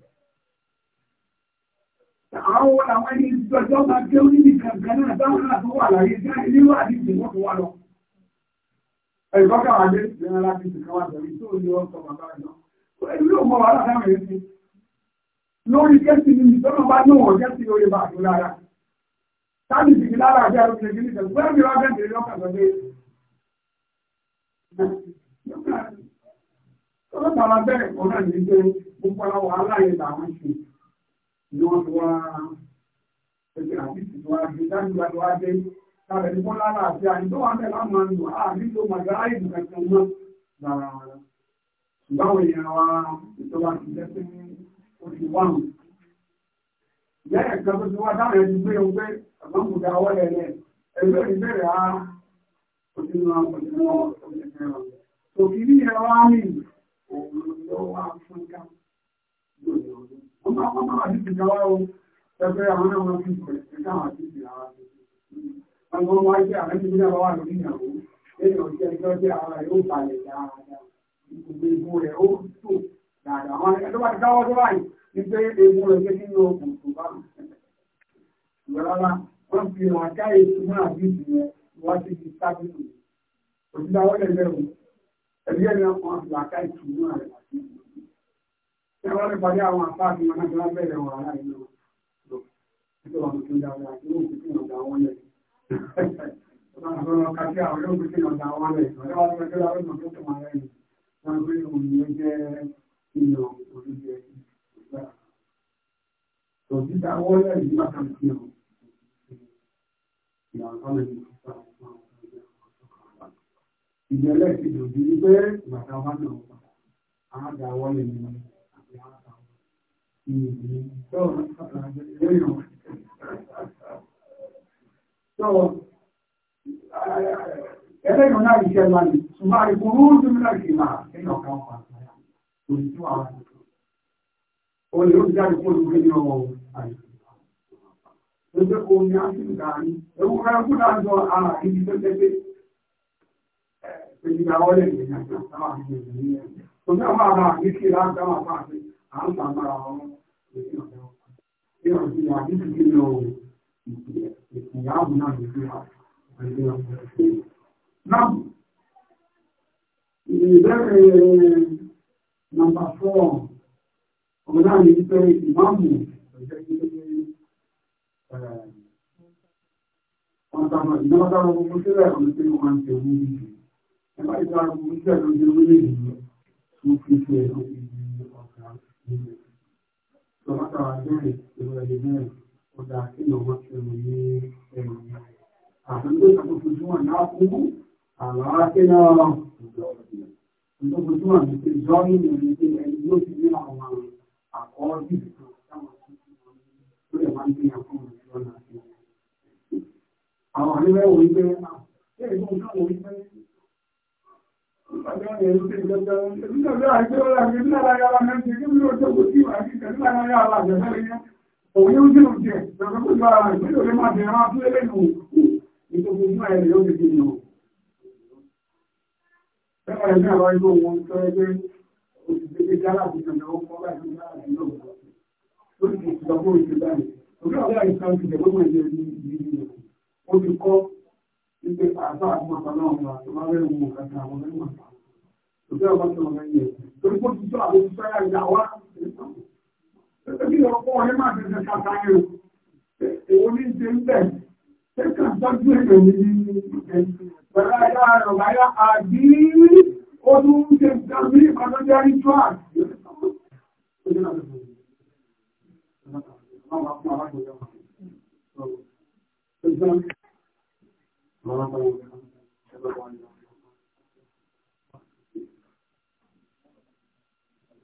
àwọn àwọn ẹni ìjọjọ́ máa gbé ó níbi kankan náà dáhùn náà tó wà láyé tí wọ́n nílò àdìsí wọ́n tó wà lọ. ẹ̀gbọ́n káwá dé ìrìn aláàbí ti káwá tẹ̀lé tó ní ọ̀sọ̀ bàbá rẹ̀ náà. èmi ò mọ wàhálà táwọn èèyàn ti lórí kẹ́sì ni ìjọba bá ní òun kẹ́sì lórí bá àti lára. tábì sì ní lára àti àrùn kejì nìkan fún ẹ̀mí wá bẹ́ẹ̀ ní ọkàn lọ́dẹ. ọlọ́pàá bẹ́ẹ̀ ọ̀nà ìgbẹ́ gbogbo ni wọ́n ti wá ẹgbẹ́ àbísí tó wá gbé dájúgbà tó wá dé lábẹ́ ní wọ́n lára àti àyè tó wà ń bẹ̀ láwọn àmì wà á nílò màgá àìsàn kankan mọ́ lára rẹ̀. ṣùgbọ́n àwọn èèyàn wa ìjọba ti jẹ́ pé ó ti wà nù. ìyá ẹ̀ka tó ti wá dáhùn ẹni pé o pé àwọn kò dá ọwọ́ lẹ̀ ẹgbẹ́ ìbẹ̀rẹ̀ á òṣìṣẹ́ òṣìṣẹ́ òṣìṣẹ́ rẹ̀. tòkì ní ìrẹ̀wá mi òun ló wá fún ká lónìí ọdún. Ẹgbẹ́ àwọn ọmọ ìgbìmọ̀ ìtàwọn àti ìgbìyànjú. Àwọn ọmọ ẹgbẹ́ àwọn ìgbìyànjú wà lórí ìyàwó. Èèyàn jẹ́ ẹjọ́ jẹ́ ara yóò balẹ̀ dáadáa. Ìgbògbè ìgbò rẹ̀ ó tò dáadáa. Àwọn ẹgbẹ́ tó bá ti dáwọ́ tó báyìí ní pé egun rẹ̀ jẹ́ nínú okùn tó bá rùn. Ìgbàlára wọ́n fi hàn Ìwọ́n lè parí àwọn àpáàdì wọn láti wá bẹ̀rẹ̀ wọn ará ìlú. Ìjọba mi tún dáadáa, inú òkú sí ọ̀dà wọn lẹ̀. Ọba àwọn ọkà sí àwọn olóògùn sí ọ̀dà wọn lẹ̀. Ọ̀dà wọn lọ́jọ́ láwọn ọmọ tó tó máa rẹ̀ ni. Wọ́n gbé òun ló jẹ́ ìlọ olùjẹ ìgbà. Tòbí dáwọ́ lẹ̀ yìí bá kàn sí ọ̀. ìjẹ́lẹ̀ ti dòdì wípé ìgbàdá wà náà àádáwọ́ lè ní ẹlẹ́yìn kò ní tún àwọn àìkú o lè ara ìdí pẹ́pẹ́pẹ́ ẹ̀ẹ́dìgbà tó ní àwọn àwọn àdíkì láti àwọn àwọn àti àǹtà àmàrà àwọn ìrìnàjò ìrìnàjò àdíkì nínú ìpìyàwó náà ní ìgbéra pẹ̀lú ọ̀pọ̀ ìṣẹ̀lẹ̀. Náà, ìbẹ̀rẹ̀ fún fífi ẹ̀sùn ìlú ọ̀gá nílẹ̀. Tọ́lọ́tà àjẹ́rìn ìrọ̀ ẹ̀dẹ̀ mẹ́rin ọ̀dà kílò wọ́n ti rò ní ẹ̀rọ ní ọ̀rọ̀. Àtúntò ìṣàkóso náà fún àlàáfíà náà ìjọ ọ̀dẹ̀. Ìjọba tó wà ní pé ìjọba ní ẹni pé ẹni yóò ti ní àwọn àkọ́ọ́dì kan táwọn tó ti wọ́n ní tó lè máa ń gbé àwọn ọmọ ìjọba náà sí. Àwọn àríwá ìwòye pé àwọn ẹ̀rọ ìjọba ìwòye pé Òun yóò jẹ́ òjẹ́, ìjọba tó jọ ara ìgbésò lè máa bẹ̀rẹ̀ máa tún lẹ́lẹ́nu òkú, ìtòkùn fún ẹ̀rẹ̀ yóò fi dìnnà. Ẹgbẹ̀rẹ̀ ẹ̀mí àwọn ìlú wọn tó ẹgbẹ́ òṣìṣẹ́ jálá nígbẹ́ àbá àgbàkà náà wà tó bá rẹ̀ wù kàkà àwọn ẹ̀wọ̀n pa. Òjò ọba tó rẹ̀ yẹ. Torí kó ti jọ àwọn òṣìṣẹ́ àjà wá. Ẹbí ọkọ rẹ̀ máa tẹ̀sẹ̀ kàkà yẹn o. Èwo ní ṣe ń bẹ̀? Ṣé kà ń tọ́jú ẹ̀rọ mi ní Bẹ̀rẹ̀ ayá rẹ̀ báyá àbí ó tún ń ṣe nǹkan bí ìbánújẹ́ ritual. Thank you. Mama